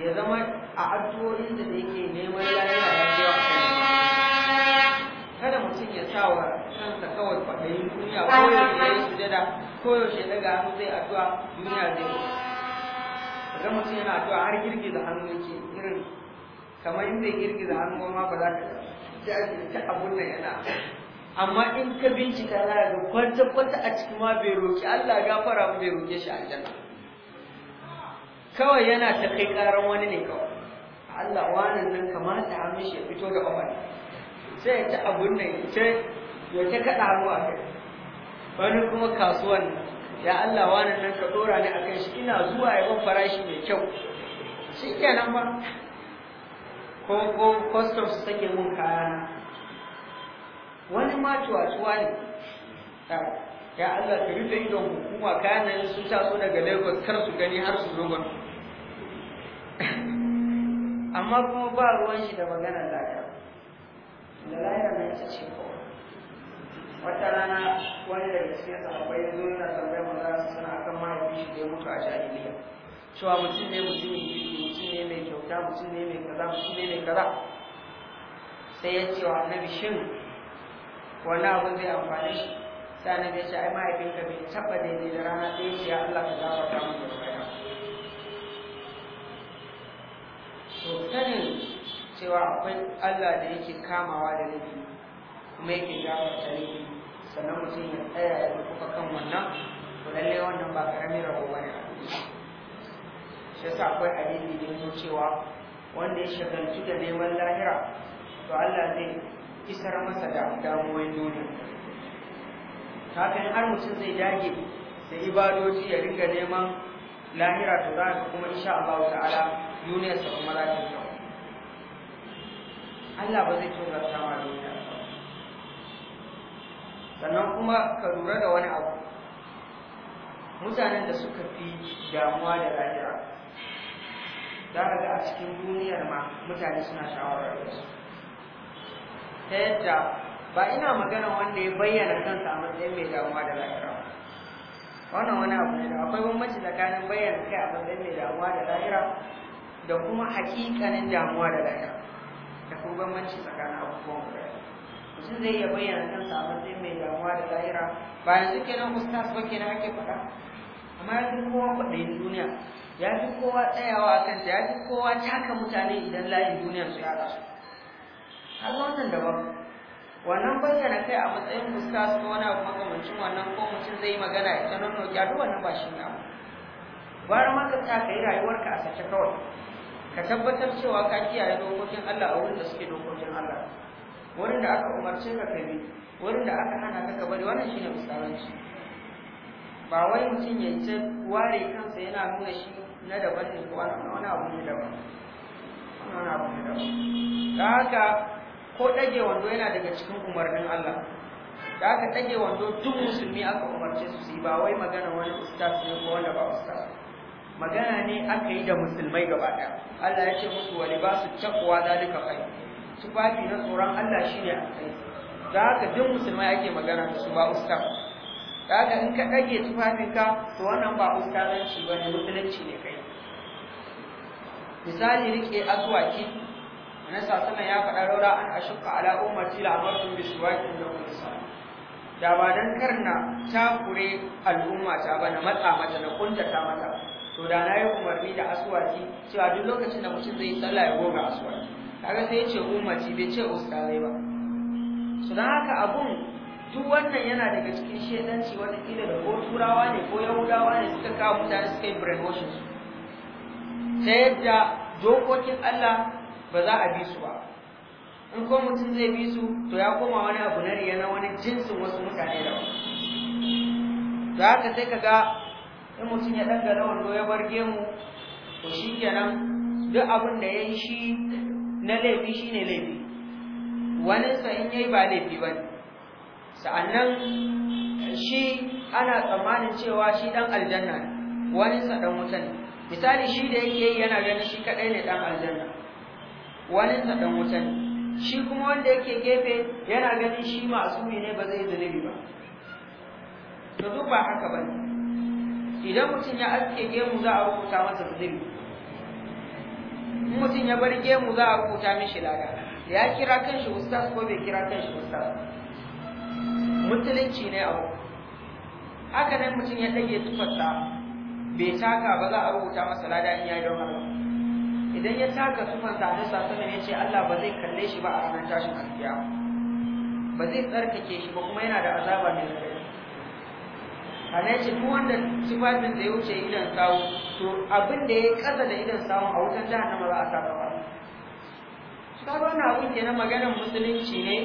ya zama a addu'o'in da yake neman lahira ya ce kada mutum ya sa wa kansa kawai kwaɗayin duniya ko ya yi sujada ko yaushe daga hannu zai addu'a duniya zai ga mutum yana addu'a har girgiza hannu yake irin kamar in zai girgiza hannuwa ma ba za ka ta abun nan yana amma in ka bincika za ga kwanta kwanta a cikin ma bai roki Allah gafara mu bai roke shi aljanna kawai yana ta kai karan wani ne kawai Allah wannan nan kamata a mishi ya fito da Umar sai ya ci abun nan ya ce ya ta kaɗa hannu a kai wani kuma kasuwan ya Allah wannan nan ka dora ni kan shi ina zuwa ya ban farashi mai kyau shi kenan ba ko ko custom su take mun kaya wani ma cuwa-cuwa ne ya Allah ka rufe idon hukuma kayan nan sun taso daga Lagos kar su gani har su zo amma kuma ba ruwan shi da maganar lafiya da layar na ita ce ko wata rana wani daga cikin sahabbai ya zo yana tambayar maza suna kan mahaifi shi da ya mutu a jahiliya cewa mutum ne mutumin kirki mutum ne mai kyauta mutum ne mai kaza mutum ne mai kaza sai ya ce wa annabi shin wani abin zai amfani shi sai annabi ya ce ai mahaifinka bai taɓa daidai da rana ɗaya ce ya Allah ka gafarta mu da baya to sanin cewa akwai Allah da yake kamawa da laifi kuma yake ta laifi sannan mutum ya tsaya ya kuka kan wannan to lallai wannan ba ƙaramin rabo bane a shi yasa akwai hadisi da yake cewa wanda ya shagaltu da neman lahira to Allah zai isar masa da damuwar duniya kafin har mutum zai dage da ibadoji ya rinka neman lahira to za ka kuma insha Allah ta'ala duniya sa kuma za ta Allah ba zai tozarta ma duniya sannan kuma ka lura da wani abu mutanen da suka fi damuwa da lahira za a ga a cikin duniyar ma mutane suna shawarar da su ta yadda ba ina magana wanda ya bayyana kansa a matsayin mai damuwa da lahira wannan wani abu ne da akwai bambanci tsakanin bayyana kai a matsayin mai damuwa da lahira da kuma hakikanin damuwa da lahira da kuma bambanci tsakanin abubuwan guda mutum zai iya bayyana kansa a matsayin mai damuwa da lahira ba yanzu kenan ustaz ba kenan ake faɗa amma yanzu kowa kwaɗayin duniya ya fi kowa tsayawa a kanta ya fi kowa taka mutane idan layin duniyar su ya rasu har wannan daban wannan bayyana kai a matsayin fuska ko wani abu makamancin wannan ko mutum zai magana ya ta nuna ya duk wannan ba shi ne gwara ma ka rayuwarka a sace kawai ka tabbatar cewa ka kiyaye dokokin Allah a wurin da suke dokokin Allah wurin da aka umarce ka ka bi wurin da aka hana ka ka bari wannan shine misalanci ba wai mutum ya ce ware kansa yana nuna shi na daban ne ko wani abu ne daban wani abu ne daban da haka ko ɗage wando yana daga cikin umarnin Allah da haka ɗage wando duk musulmi aka umarce su yi ba wai magana wani ustaz ne ko wanda ba ustaz magana ne aka yi da musulmai gaba ɗaya Allah ya ce musu wa libasu taqwa zalika khair tufafi na tsoron Allah shine kai. da haka duk musulmai ake magana da su ba ustaz da haka in ka ɗage tufafinka to wannan ba ustazanci ba ne musulunci ne kai misali rike aswaki na sasana ya faɗa raura an ashuka ala ummati la amartum bi shiwaki da kulisa da ba dan karna takure al'umma ta ba na matsa mata na ta mata to da na yi umarni da aswaki cewa duk lokacin da mutum zai sallah ya goga aswaki kaga sai ya ce ummati bai ce ustazai ba su haka abun duk wannan yana daga cikin shedanci wata kila da ko turawa ne ko yahudawa ne suka kawo mutane suka yi brainwashing ta yadda dokokin Allah ba za a bi su ba in ko mutum zai bi su to ya koma wani abu na riya na wani jinsin wasu mutane da wani da haka sai ka ga in mutum ya ɗan gana wando ya bar gemu to shi kenan duk abin da ya yi shi na laifi shi ne laifi sa in ya ba laifi ba ne sa'annan shi ana tsammanin cewa shi ɗan aljanna ne sa ɗan wuta ne misali shi da yake yi yana ganin shi kadai ne dan aljanna wani na dan wuta ne shi kuma wanda yake gefe yana ganin shi ma'asumi ne ba zai zunubi ba to duk ba haka ba idan mutum ya aske gemu za a rubuta masa zunubi in mutum ya bar gemu za a rubuta mishi lada ya kira kan shi ustaz ko bai kira kan shi ustaz mutulunci ne abu haka nan mutum ya dage tufarsa bai taka ba za a rubuta masa lada in ya yi don idan ya taka sufan sa na sasa ne ce Allah ba zai kalle shi ba a ranar tashin alkiyama ba zai tsarkake shi ba kuma yana da azaba mai tsaye sannan ce duk wanda sifafin da ya wuce idan sawo to abin da ya kasa da idan sawo a wutan jahannama za a saka ba shi ka wani abin ke na maganar musulunci ne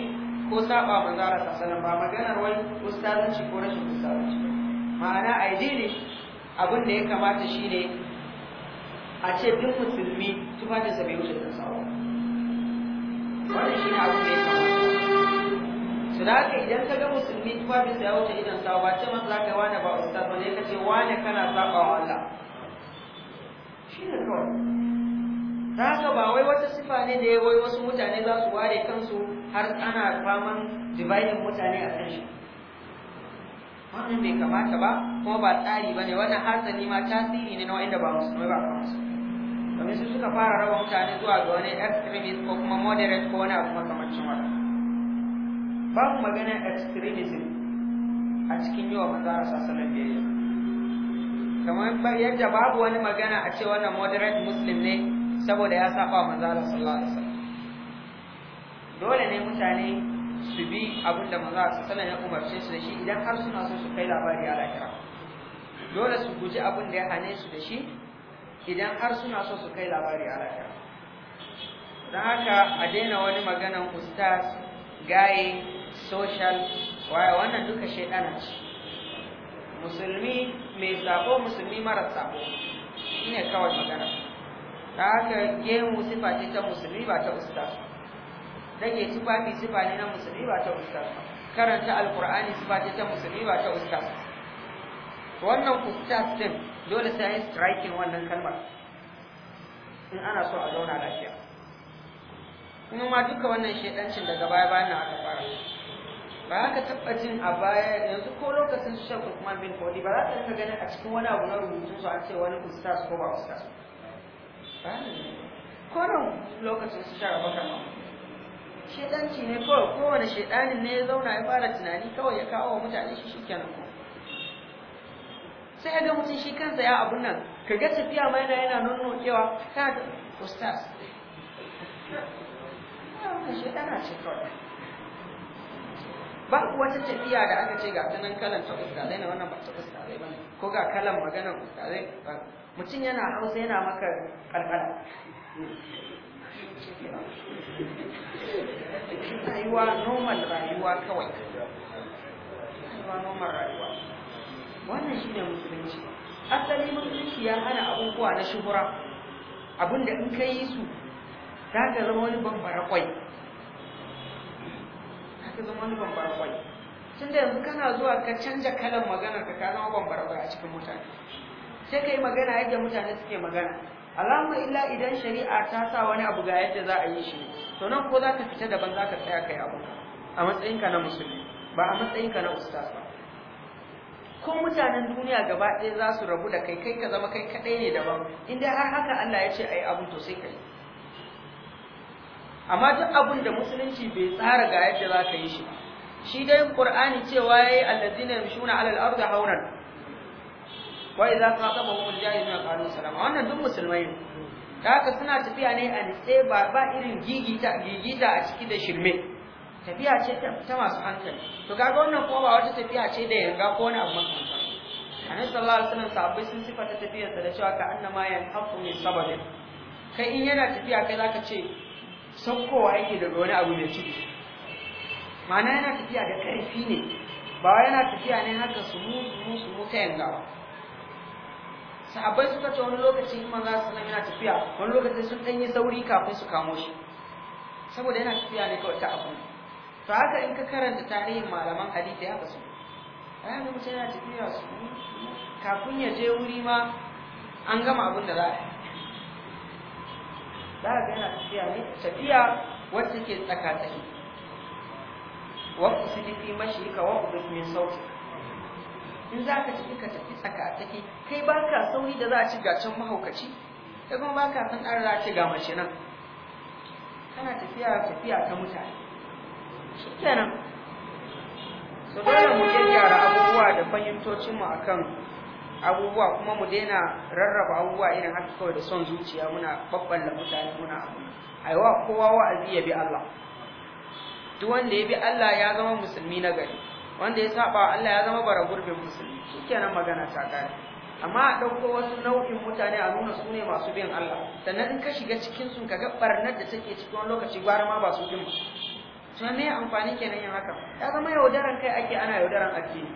ko saba manzara sallallahu ba maganar wai ustazanci ko rashin ustazanci ma'ana ne. abin da ya kamata shine a ce duk musulmi da sabi wuce kan wani wannan na abin da ya kamata su da haka idan ka ga musulmi da sabi wuce idan sawa ba ce man za ka wane ba ustaz ba ya ka ce wane kana saba wa Allah ne kawai ta haka ba wai wata sifa ne da ya wai wasu mutane za su ware kansu har ana faman dividing mutane a kan shi wannan bai kamata ba kuma ba tsari ba ne wannan hatsari ma tasiri ne na wa'inda ba musulmai ba ba domin su suka fara rawa mutane zuwa ga wani extremist ko kuma moderate ko wani abu makamancin wannan babu magana extremism a cikin wa manzo a sassanin biyayya kamar yadda babu wani magana a ce wannan moderate muslim ne saboda ya saba manzo Allah sallallahu alaihi wasallam dole ne mutane su bi abin da manzo sallallahu ya umarce su da shi idan har suna so su kai labari a lahira dole su guji abin da ya hane su da shi idan har suna so su kai labari a lahira don haka a daina wani maganan ustaz gaye social waya wannan duka shaidana ce musulmi mai sabo musulmi mara sabo shine kawai magana ta haka gemu sifa ce ta musulmi ba ta ustaz rage tufafi sifa ne na musulmi ba ta ustaz karanta alqur'ani sifa ce ta musulmi ba ta ustaz wannan ustaz din dole sai yi striking wannan kalmar in ana so a zauna lafiya kuma ma duka wannan shedancin daga baya bayan aka fara ba haka tabbacin a baya yanzu ko lokacin su shan kuma bin kodi ba za ka rinka ganin a cikin wani abu na rubutu su an ce wani ustaz ko ba ustaz ba ne ko lokacin su shara bakar mamu shedanci ne kawai kowane shedanin ne ya zauna ya fara tunani kawai ya kawo wa mutane shi shikenan ko sai ga mutum shi kansa ya abun nan ka ga tafiya ma yana yana kewa ka ga ustaz shedana ce kawai ba wata tafiya da aka ce ga ta nan kalan ta ustazai na wannan ba ta ustazai ba ko ga kalan maganar ustazai ba mutum yana hausa yana maka kalkala rayuwa normal rayuwa kawai rayuwa normal rayuwa wannan shine musulunci asali musulunci ya hana abubuwa na shuhura abinda in ka yi su za ka zama wani bambara kwai za ka zama wani bambara kwai tun da yanzu kana zuwa ka canja kalan maganar ka ka zama bambara kwai a cikin mutane sai ka yi magana yadda mutane suke magana Alamar illa idan shari'a ta sa wani abu ga yadda za a yi shi to nan ko za ka fita daban za ka tsaya kai abu a matsayinka na musulmi ba a matsayinka na ustaz ba ko mutanen duniya gaba ɗaya za su rabu da kai kai ka zama kai kaɗai ne daban in har haka Allah ya ce a yi abin to sai ka amma duk abun da musulunci bai tsara ga yadda za ka yi shi shi dai qur'ani cewa yayi allazina yamshuna alal ardi haunan ka idza qatabahum al-jahiluna qalu salama wannan duk musulmai ne haka suna tafiya ne a nitse ba ba irin gigita gigita a ciki da shirme tafiya ce ta masu hankali to kaga wannan kuma ba wata tafiya ce da yanga ko wani abu makamantan annabi sallallahu alaihi wasallam sahabbai sun sifata tafiyar sa da cewa ka annama hafu min sababin kai in yana tafiya kai zaka ce saukowa yake daga wani abu mai ciki ma'ana yana tafiya da karfi ne ba yana tafiya ne haka su mu su mu ta yanga ba sahabbai suka ce wani lokaci in manzo sallallahu yana tafiya wani lokaci sun danyi sauri kafin su kamo shi saboda yana tafiya ne kawai ta abu to haka in ka karanta tarihin malaman hadisi haka su ai mutum yana tafiya su kafin ya je wuri ma an gama abin da za a yi za ga yana tafiya ne tafiya wacce ke tsaka-tsaki wa ku fi mashi ka wa ku min sautin in za ka tafi ka tafi tsaka a tsaki kai ba ka sauri da za a ci ga can mahaukaci kai kuma ba ka san a ci ga mace nan kana tafiya tafiya ta mutane kenan? so dole mu gyara abubuwa da fahimtocin mu akan abubuwa kuma mu daina rarraba abubuwa irin haka kawai da son zuciya muna da mutane muna abu. aiwa kowa wa'azi ya bi Allah duk wanda ya bi Allah ya zama musulmi na gari wanda ya saba Allah ya zama bara gurbin musulmi shikenan magana ta kare amma a ɗauko wasu nau'in mutane a nuna su ne masu bin Allah sannan in ka shiga cikin su ga barnar da take cikin wani lokaci gwara ma ba su bin ba to me amfani kenan yin haka ya zama yaudaran kai ake ana yaudaran addini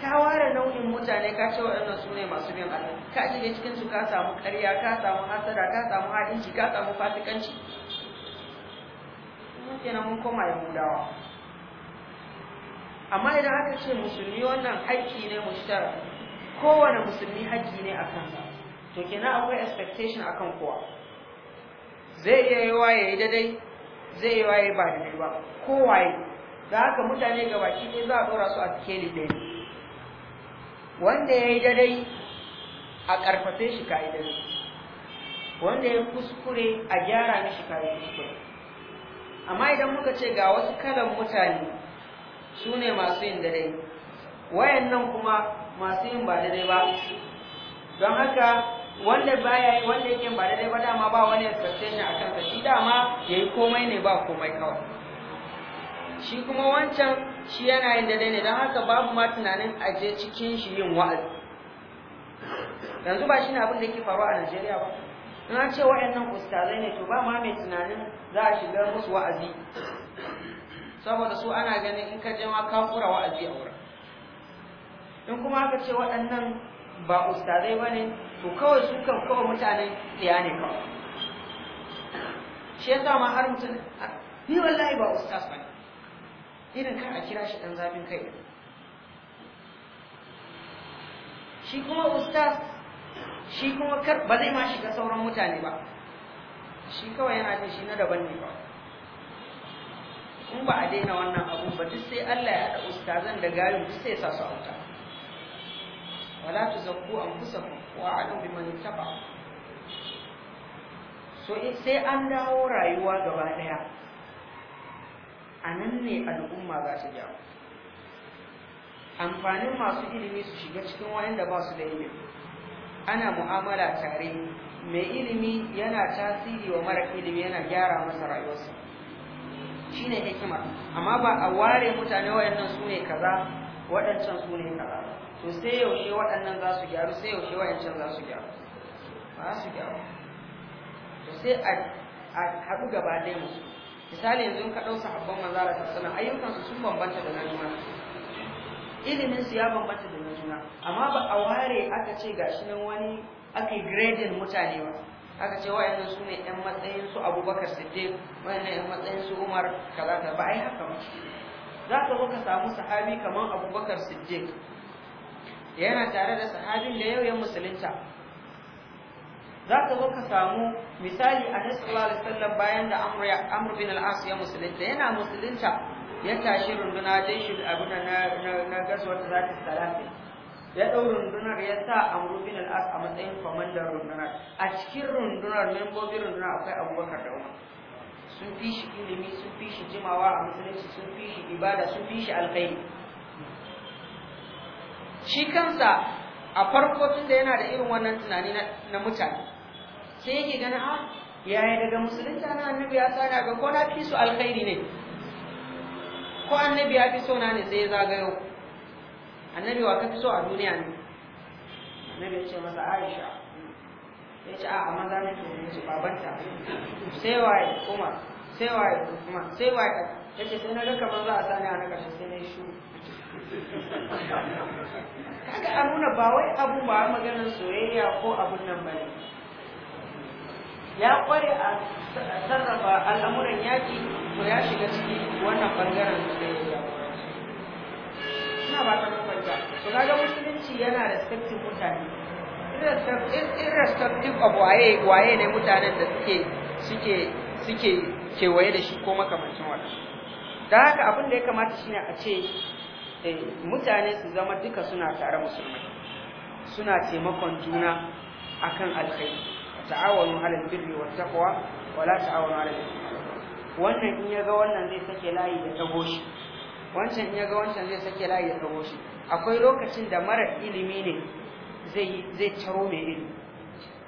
ka ware nau'in mutane ka ce waɗannan su ne masu bin Allah ka shiga cikin su ka samu ƙarya ka samu hasada ka samu hadinci ka samu fasikanci mun kenan mun koma mudawa amma idan aka ce musulmi wannan haƙƙi ne mushtara kowane musulmi haƙƙi ne a kansa to kenan akwai expectation akan kowa zai iya yi waye daidai zai yi waye ba daidai ba kowaye da haka mutane ga baki ne za a ɗora su a sikeli ɗaya wanda ya yi daidai a ƙarfafe shi ka daidai wanda ya kuskure a gyara mishi ka kuskure amma idan muka ce ga wasu kalan mutane su ne masu yin wayan wayannan kuma masu yin ba daidai ba don haka wanda baya yi wanda yake ba daidai ba dama ba wani ne a kansa shi dama ya yi komai ne ba komai kawai shi kuma wancan shi yana yin daidai ne don haka babu ma tunanin aje cikin shi yin wa'azi yanzu ba shi ne abin da yake faruwa a Najeriya ba in an ce wa'annan ustazai ne to ba ma mai tunanin za a shiga musu wa'azi saboda su ana ganin in ka je ma ka kura wa'azi a wurin in kuma aka ce waɗannan ba ustazai ba ne to kawai su kan kawai mutane tsiya ne kawai shi yasa ma har mutum ni wallahi ba ustaz ba ne irin kan a kira shi ɗan zafin kai shi kuma ustaz shi kuma kar ba zai ma shiga sauran mutane ba shi kawai yana jin shi na daban ne ba in ba a daina wannan abun ba duk sai Allah ya haɗa ustazan da gari duk sai ya sa su tu zakku an kusa ku wa bi man taba so eh, sai an dawo rayuwa gaba daya anan ne al'umma za su jawo amfanin masu ilimi su shiga cikin wayanda ba su da ilimi ana mu'amala tare mai ilimi yana tasiri wa mara ilimi yana gyara masa rayuwarsa shine hikima amma ba a ware mutane wayannan su ne kaza waɗancan su ne kaza to sai yaushe waɗannan za su gyaru sai yaushe wayancan za su gyaru ba su gyaru to sai a haɗu gaba ɗaya musu misali yanzu in ka ɗau sahabban manzara ta sana ayyukansu sun bambanta da na juna iliminsu ya bambanta da na juna amma ba a ware aka ce gashi nan wani aka yi grading mutane ba aka ce wayannan su ne ɗan matsayin su abubakar siddiq wayannan ɗan matsayin su umar kaza da ba yi haka mace za ka zo ka samu sahabi kamar abubakar siddiq yana tare da sahabin da yau ya musulunta za ka zo ka samu misali a sallallahu alaihi bayan da amr bin ya musulunta yana musulunta ya tashi runduna dai shi abu na na gaswar da za ta salafi ya ɗau rundunar ya sa amru bin al'as a matsayin kwamandan rundunar a cikin rundunar membobin rundunar akwai abubakar da umar sun fi shi ilimi sun fi shi jimawa a musulunci sun fi shi ibada sun fi shi alkhairi shi kansa a farko tun da yana da irin wannan tunani na mutane sai yake gani a ah, yaya daga musulunta na annabi ya tsana ga ko na fi su alkhairi ne ko annabi ya fi so na ne sai ya zagayo annabi wa kafi so a duniya ne annabi ya ce masa aisha ya ce a amma za mu wani su babanta sai waye kuma sai waye kuma sai waye ya ce sai na ga kamar za a sani a na ƙarshe sai na yi shu kaga an nuna ba wai abu ba maganar soyayya ko abun nan ba ne ya kware a sarrafa al'amuran yaki to ya shiga ciki wannan bangaren soyayya ba ta to kaga musulunci yana respecting mutane irrespective of waye waye ne mutanen da suke suke suke kewaye da shi ko makamancin wannan da haka abin da ya kamata shine a ce eh, mutane su zama duka suna tare musulmai suna taimakon juna akan alkhairi ta'awanu 'alal birri wat taqwa wa la ta'awanu 'alal ithmi wannan in ya ga wannan zai sake layi da tagoshi. wancan in ya ga wancan zai sake layi da tago akwai lokacin da mara ilimi ne zai taro mai ilimi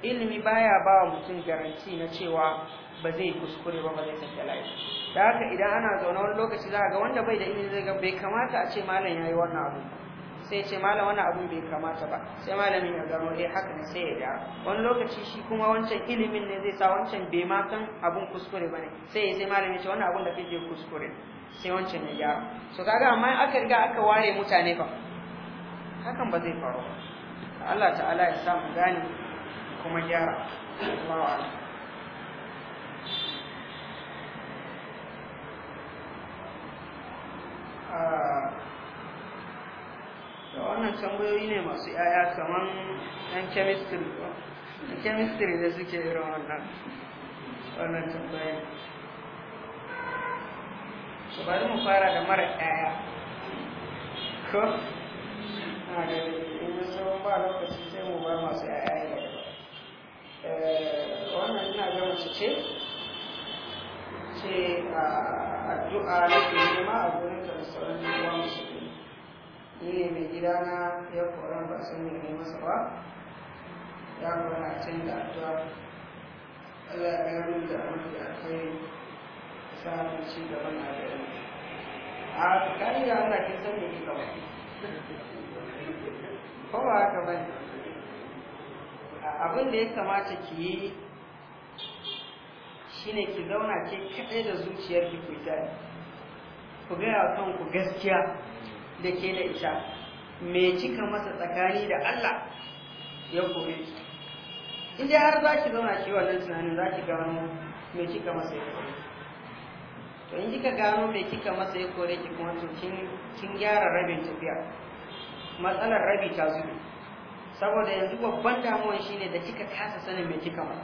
ilimi baya ba wa mutum garanti na cewa ba zai kuskure ba ba zai tafiya layi. da haka idan ana zaune wani lokaci za a ga wanda bai da ilimi zai ga bai kamata a ce malam ya yi wannan abu sai ce malam wannan abun bai kamata ba sai malamin ya gano eh haka ne sai ya gyara wani lokaci shi kuma wancan ilimin ne zai sa wancan bai ma san abun kuskure ne. sai ya sai malam ya ce wannan abun da kake kuskure sai wancan ya gyara so kaga amma aka riga aka ware mutane fa hakan ba zai faru ba. Allah ta'ala ya samu gani kuma gyara Allahu ah, da wannan tambayoyi ne masu yaya kaman yan chemistry chemistry da suke irin wannan wannan tambayoyi so bari mu fara da mara yaya ko haka ne in sun ba lokaci sai mu bar masu yaya ne wannan ina ga mace ce ce a addu'a na ke nema a gurin ta da sauran yawa musulmi ni ne mai gidana ya koran ba san me ne masa ba ya kora can da addu'a Allah ya gano da abin da aka yi samun ci gaban a garin a kari da Allah ke san me kika Kowa ba haka abinda abin da ya kamata ki yi shine ki zauna ke kaɗai da zuciyarki ku ta ku gaya kanku gaskiya da ke da ita me kika masa tsakani da Allah ya kore ki in dai har za ki zauna ki wannan tunanin za ki gano me kika masa ya kore to in kika gano me kika masa ya kore ki kuma to kin gyara rabin tafiya matsalar rabi ta zube saboda yanzu babban damuwan shine da kika kasa sanin me kika ma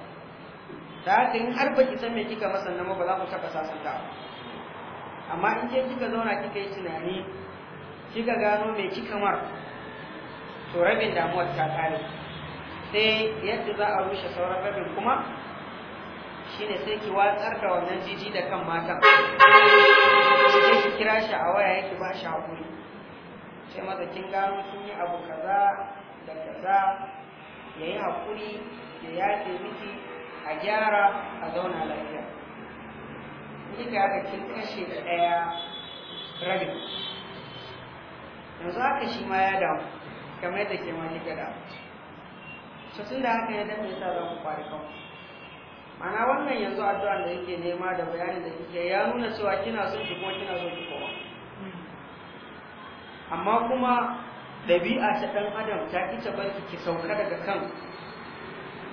ta haka har san mai kika ma sannan ba za ku taɓa ta. amma in ke kika zauna kika yi tunani kika gano mai kika mar to rabin damuwar ta kare sai yadda za a rushe sauran rabin kuma shine sai ki watsar da wannan jiji da kan matan sai ki kira shi a waya yake ba shi hakuri ce masa kin gano sun yi abu kaza da kaza ya yi haƙuri ya yaƙe miki a gyara a zauna lafiya ni ga haka kin kashe da ɗaya rabin yanzu haka shi ma ya damu kamar yadda ke ma gada. damu so da haka ya dame sa za ku kwari kanku ma'ana wannan yanzu addu'an da yake nema da bayanin da kike ya nuna cewa kina son ki kuma kina son ki amma kuma ɗabi'a ta ɗan adam ta ita barki ki sauka daga kan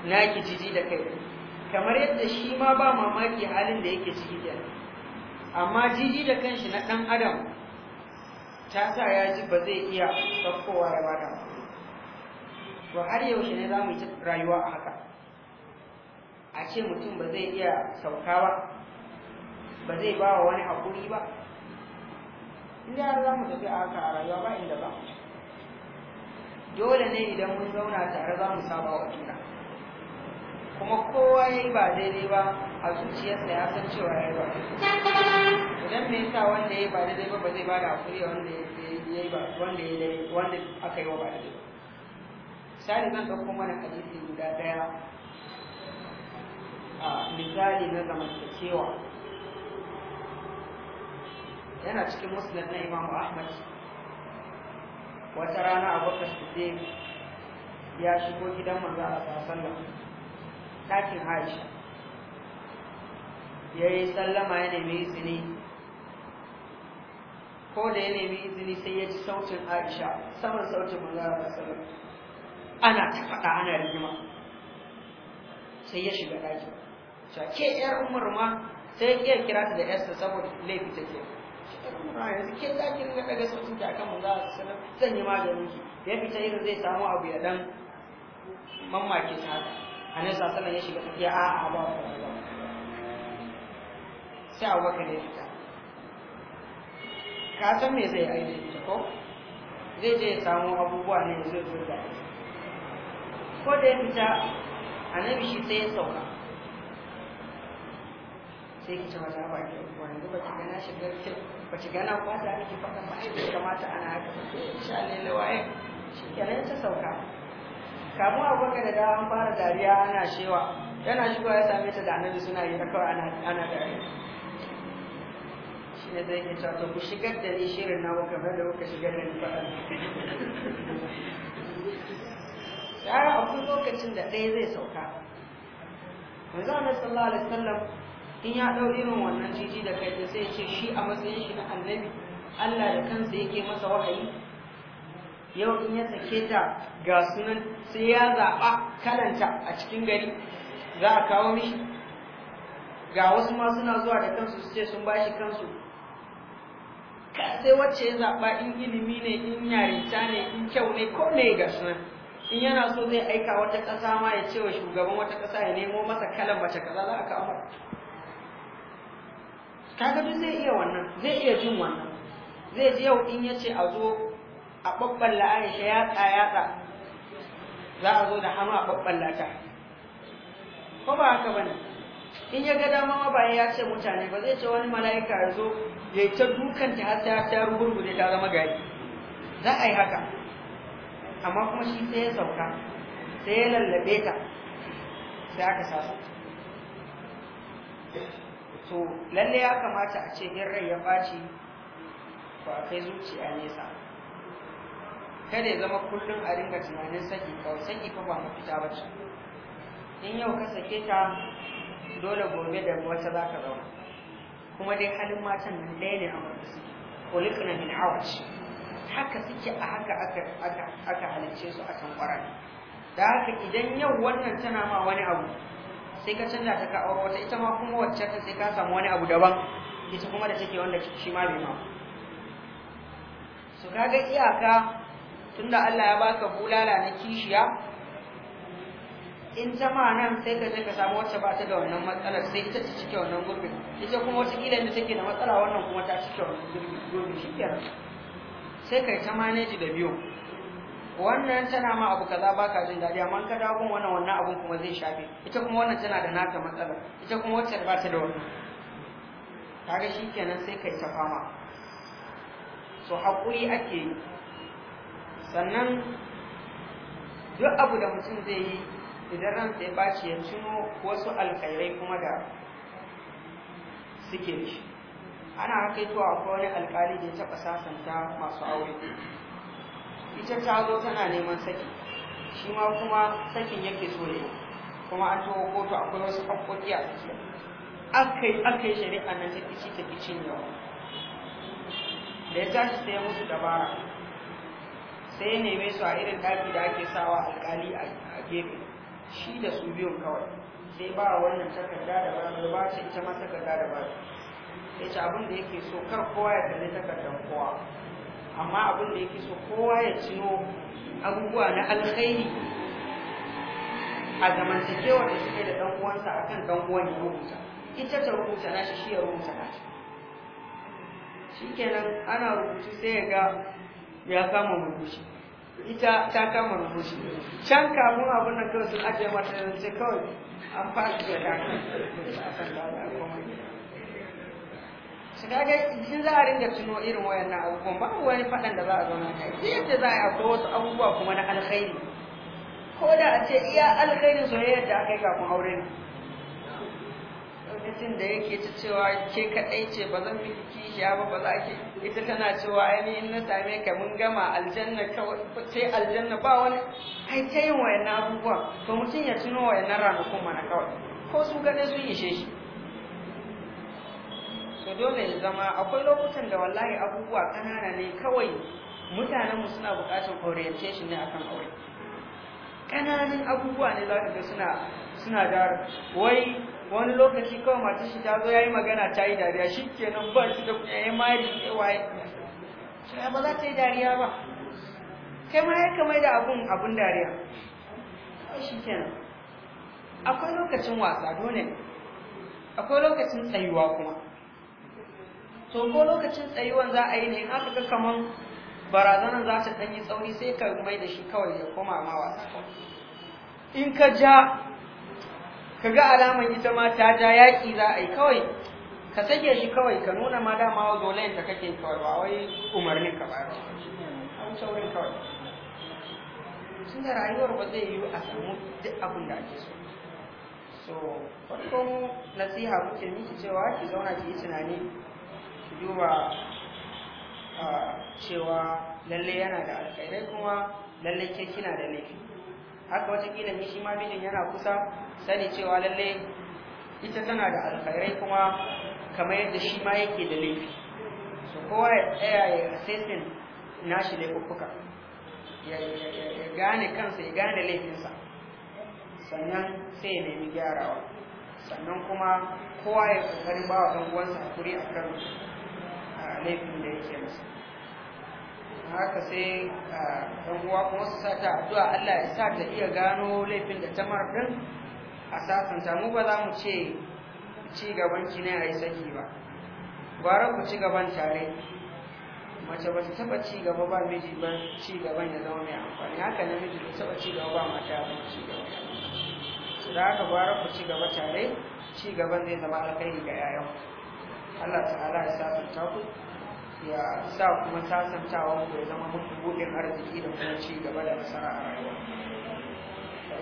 naki jiji da kai kamar yadda shi ma ba mamaki halin da yake ciki da amma jiji da kanshi na ɗan adam ta sa ya ji ba zai iya saukowa ya bada to har yaushe ne za mu yi rayuwa a haka a ce mutum ba zai iya sauka ba ba zai ba wa wani hakuri ba inda za mu tafi a haka a rayuwa ba inda ba dole ne idan mun zauna tare za mu saba wa juna kuma kowa ya yi ba daidai ba a zuciyarsa ya san cewa ya yi ba idan me yasa wanda ya yi ba daidai ba ba zai ba da hakuri wanda ya yi ba wanda ya yi wanda aka yi wa ba daidai ba misali zan ɗauko mana hadisi guda ɗaya a misali na zamantakewa yana cikin musulun na imamu ahmad wata rana a abubakar siddiq ya shigo gidan manzo a da ɗakin aisha ya yi sallama ya nemi izini ko da ya nemi izini sai ya ci sautin aisha saman sautin manzo a sallam ana ta faɗa ana rigima sai ya shiga ɗakin ke yar umar ma sai ya kira ta da yarsa saboda laifi take Ah, yanzu ke za ki rinka ɗaga sautin ki akan manzo Allah sallallahu alaihi zan yi maganin ki ya fita irin zai samu abu ya dan mamaki ta haka annabi sallallahu alaihi ya shiga tsakiya a a ba ku ba sai Abubakar ya fita ka san me zai aida ita ko zai je ya samu abubuwa ne zai zo da ko da ya fita a nan shi sai ya sauka sai ki ci mata baki wani ba ki gana shigar kyau ba ki gana kwata miki faɗa ba ai da kamata ana haka ba insha Allah waye shi kenan ta sauka kamu abokan da dawa an fara dariya ana shewa yana shigowa ya same ta da annabi suna yi da kawai ana ana dariya shi ne zai ke ta to ku shigar da ni shirin na ku kamar da kuka shigar da ni faɗa ya akwai lokacin da ɗaya zai sauka manzo Allah sallallahu alaihi wasallam in ya ɗau irin wannan titi da kai da sai ya ce shi a matsayin shi na annabi Allah da kansa yake masa wahayi yau in ya sake ta ga sunan sai ya zaɓa kalanta a cikin gari za a kawo mishi ga wasu ma suna zuwa da kansu su ce sun bashi kansu sai wacce ya zaɓa in ilimi ne in yarinta ne in kyau ne ko ne ga sunan in yana so zai aika wata ƙasa ma ya ce wa shugaban wata ƙasa ya nemo masa kalan mace kaza za a kawo kaga duk zai iya wannan zai iya jin wannan zai ji yau in yace a zo a babballa Aisha ya tsa za a zo da hama a babballa ta ko ba haka bane in ya ga dama ma bai ya ce mutane ba zai ce wani mala'ika ya zo ya ta dukan ta har ta ta rugurguje ta zama gari za a yi haka amma kuma shi sai ya sauka sai ya lallabe ta sai aka sasa to lalle ya kamata a ce in rai ya ɓaci ko a kai zuciya nesa kada ya zama kullum a ringa tunanin saki kawai saki fa ba mafita ba ce in yau ka sake ta dole gobe da wata za ka zama kuma dai halin matan nan ɗaya ne a wanda suke kulikna min awaci haka suke a haka aka halicce su a can da haka idan yau wannan tana ma wani abu sai ka canza ta ka auro wata ita ma kuma wacce ta sai ka samu wani abu daban ita kuma da take wanda shi ma bai ma su kaga iyaka tunda Allah ya baka bulala na kishiya in ta ma nan sai ka je ka samu wacce ba ta da wannan matsalar sai ita ta cike wannan gurbi, ita kuma wata kila inda take da matsala wannan kuma ta cike wannan gurbi shi kenan sai kai ta manage da biyu wannan tana ma abu kaza baka jin dadi amma ka dawo wannan wannan abun kuma zai shafe ita kuma wannan tana da nata matsala ita kuma wacce ba ta da wannan kaga shikenan sai kai ta fama so haƙuri ake yi sannan duk abu da mutum zai yi idan ran ya baci ya tuno wasu alkhairai kuma da suke shi ana haka yi akwai wani alkali da ya taɓa sasanta masu aure ita ta zo tana neman saki shi ma kuma sakin yake so ne kuma an tawo kotu akwai wasu kafofi a tsakiya aka yi aka yi shari'a nan ta kici ta kici ne da ya tashi sai musu dabara sai ya neme su a irin ɗaki da ake sawa alkali a gefe shi da su biyun kawai sai ba wannan takarda da ba ba ce ita ma takarda da ba sai ce abin da yake so kar kowa ya kalli takardar kowa amma abin da yake so kowa ya cino abubuwa na alkhairi a zamantakewar da suke da ɗan a akan ɗan uwan ya rubuta ita ta rubuta na shi ya rubuta na shi kenan ana rubutu sai ya ga ya kama rubuci ita ta kama rubuci can kamun abin nan kawai sun ajiye mata sai kawai an fashi da ta a san da ga in za a ringa tuno irin wayannan abubuwan babu wani fadan da za a zauna kai sai yadda za a yi akwai wasu abubuwa kuma na alkhairi ko da a ce iya alkhairin soyayyar da aka yi kafin aure ne lokacin da yake ta cewa ke kaɗai ce ba zan fi ya ba ba za ke. ita tana cewa ainihin na same ka mun gama aljanna kawai sai aljanna ba wani ai ta yin wayannan abubuwa to mutum ya tuno wayannan ranakun mana kawai ko su gane sun ishe shi to dole ya zama akwai lokutan da wallahi abubuwa kanana ne kawai mutanenmu suna buƙatar orientation ne akan aure ƙananan abubuwa ne za ka ga suna suna dara wai wani lokaci kawai mata shi ta zo ya yi magana ta yi dariya shi kenan ba shi da kuma ya mari ya waye ya ba za ta yi dariya ba kai ma ya kamar da abun abun dariya shi kenan akwai lokacin wasa dole akwai lokacin tsayuwa kuma to ko lokacin tsayuwan za a yi ne in aka ga kaman barazanar za ta ɗanyi tsauri sai ka mai da shi kawai ya koma ma wasa in ka ja ka ga alaman ita ma ta ja yaƙi za a yi kawai ka sake shi kawai ka nuna ma dama wa zolayen da kake kawai ba wai umarnin ka ba an saurin kawai tun da rayuwar ba zai yiwu a samu duk abin da ake so so farkon nasiha muke miki cewa ki zauna ki yi tunani duba cewa lalle yana da alkhairai kuma lalle ke kina da laifi haka watakila ni shi ma mijin yana kusa sani cewa lalle ita tana da alkhairai kuma kamar yadda shi ma yake da laifi so kowa ya tsaya ya assessin nashi laifuffuka ya gane kansa ya gane laifinsa sannan sai ya nemi gyarawa sannan kuma kowa ya kokarin ba wa ɗan uwansa hakuri kan laifin da yake musu haka sai ɗan uwa kuma su sata addu'a Allah ya sa ta iya gano laifin da ta marfin a sasanta mu ba za mu ce ci gaban ki ne a yi saki ba gwara ku ci gaban tare mace ba ta taba ci gaba ba miji ba ci gaban ya zama mai amfani haka namiji ba taba ci gaba ba mata ba ci gaba su da haka gwara ku ci gaba tare ci gaban zai zama alkhairi ga yayan Allah ta'ala ya sasanta ku ya sa kuma tasantawa ku ya zama muku buɗin arziki da kuma ci gaba da nasara a rayuwa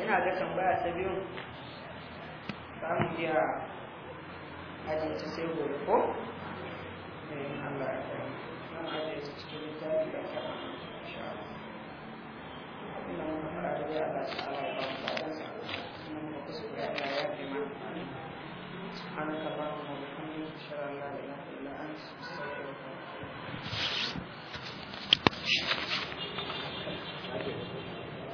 ina ga tambaya ta biyu za mu iya ajiye ta sai gobe ko yin eh, Allah ya kai zan ajiyarci cikin littafi da kama insha Allah abin da muka fara da ya Allah ta'ala ya ba da tsadan sa kuma muka kuskure Allah ya kai mana سبحانك اللهم وبحمدك اشهد ان لا اله الا انت استغفرك much.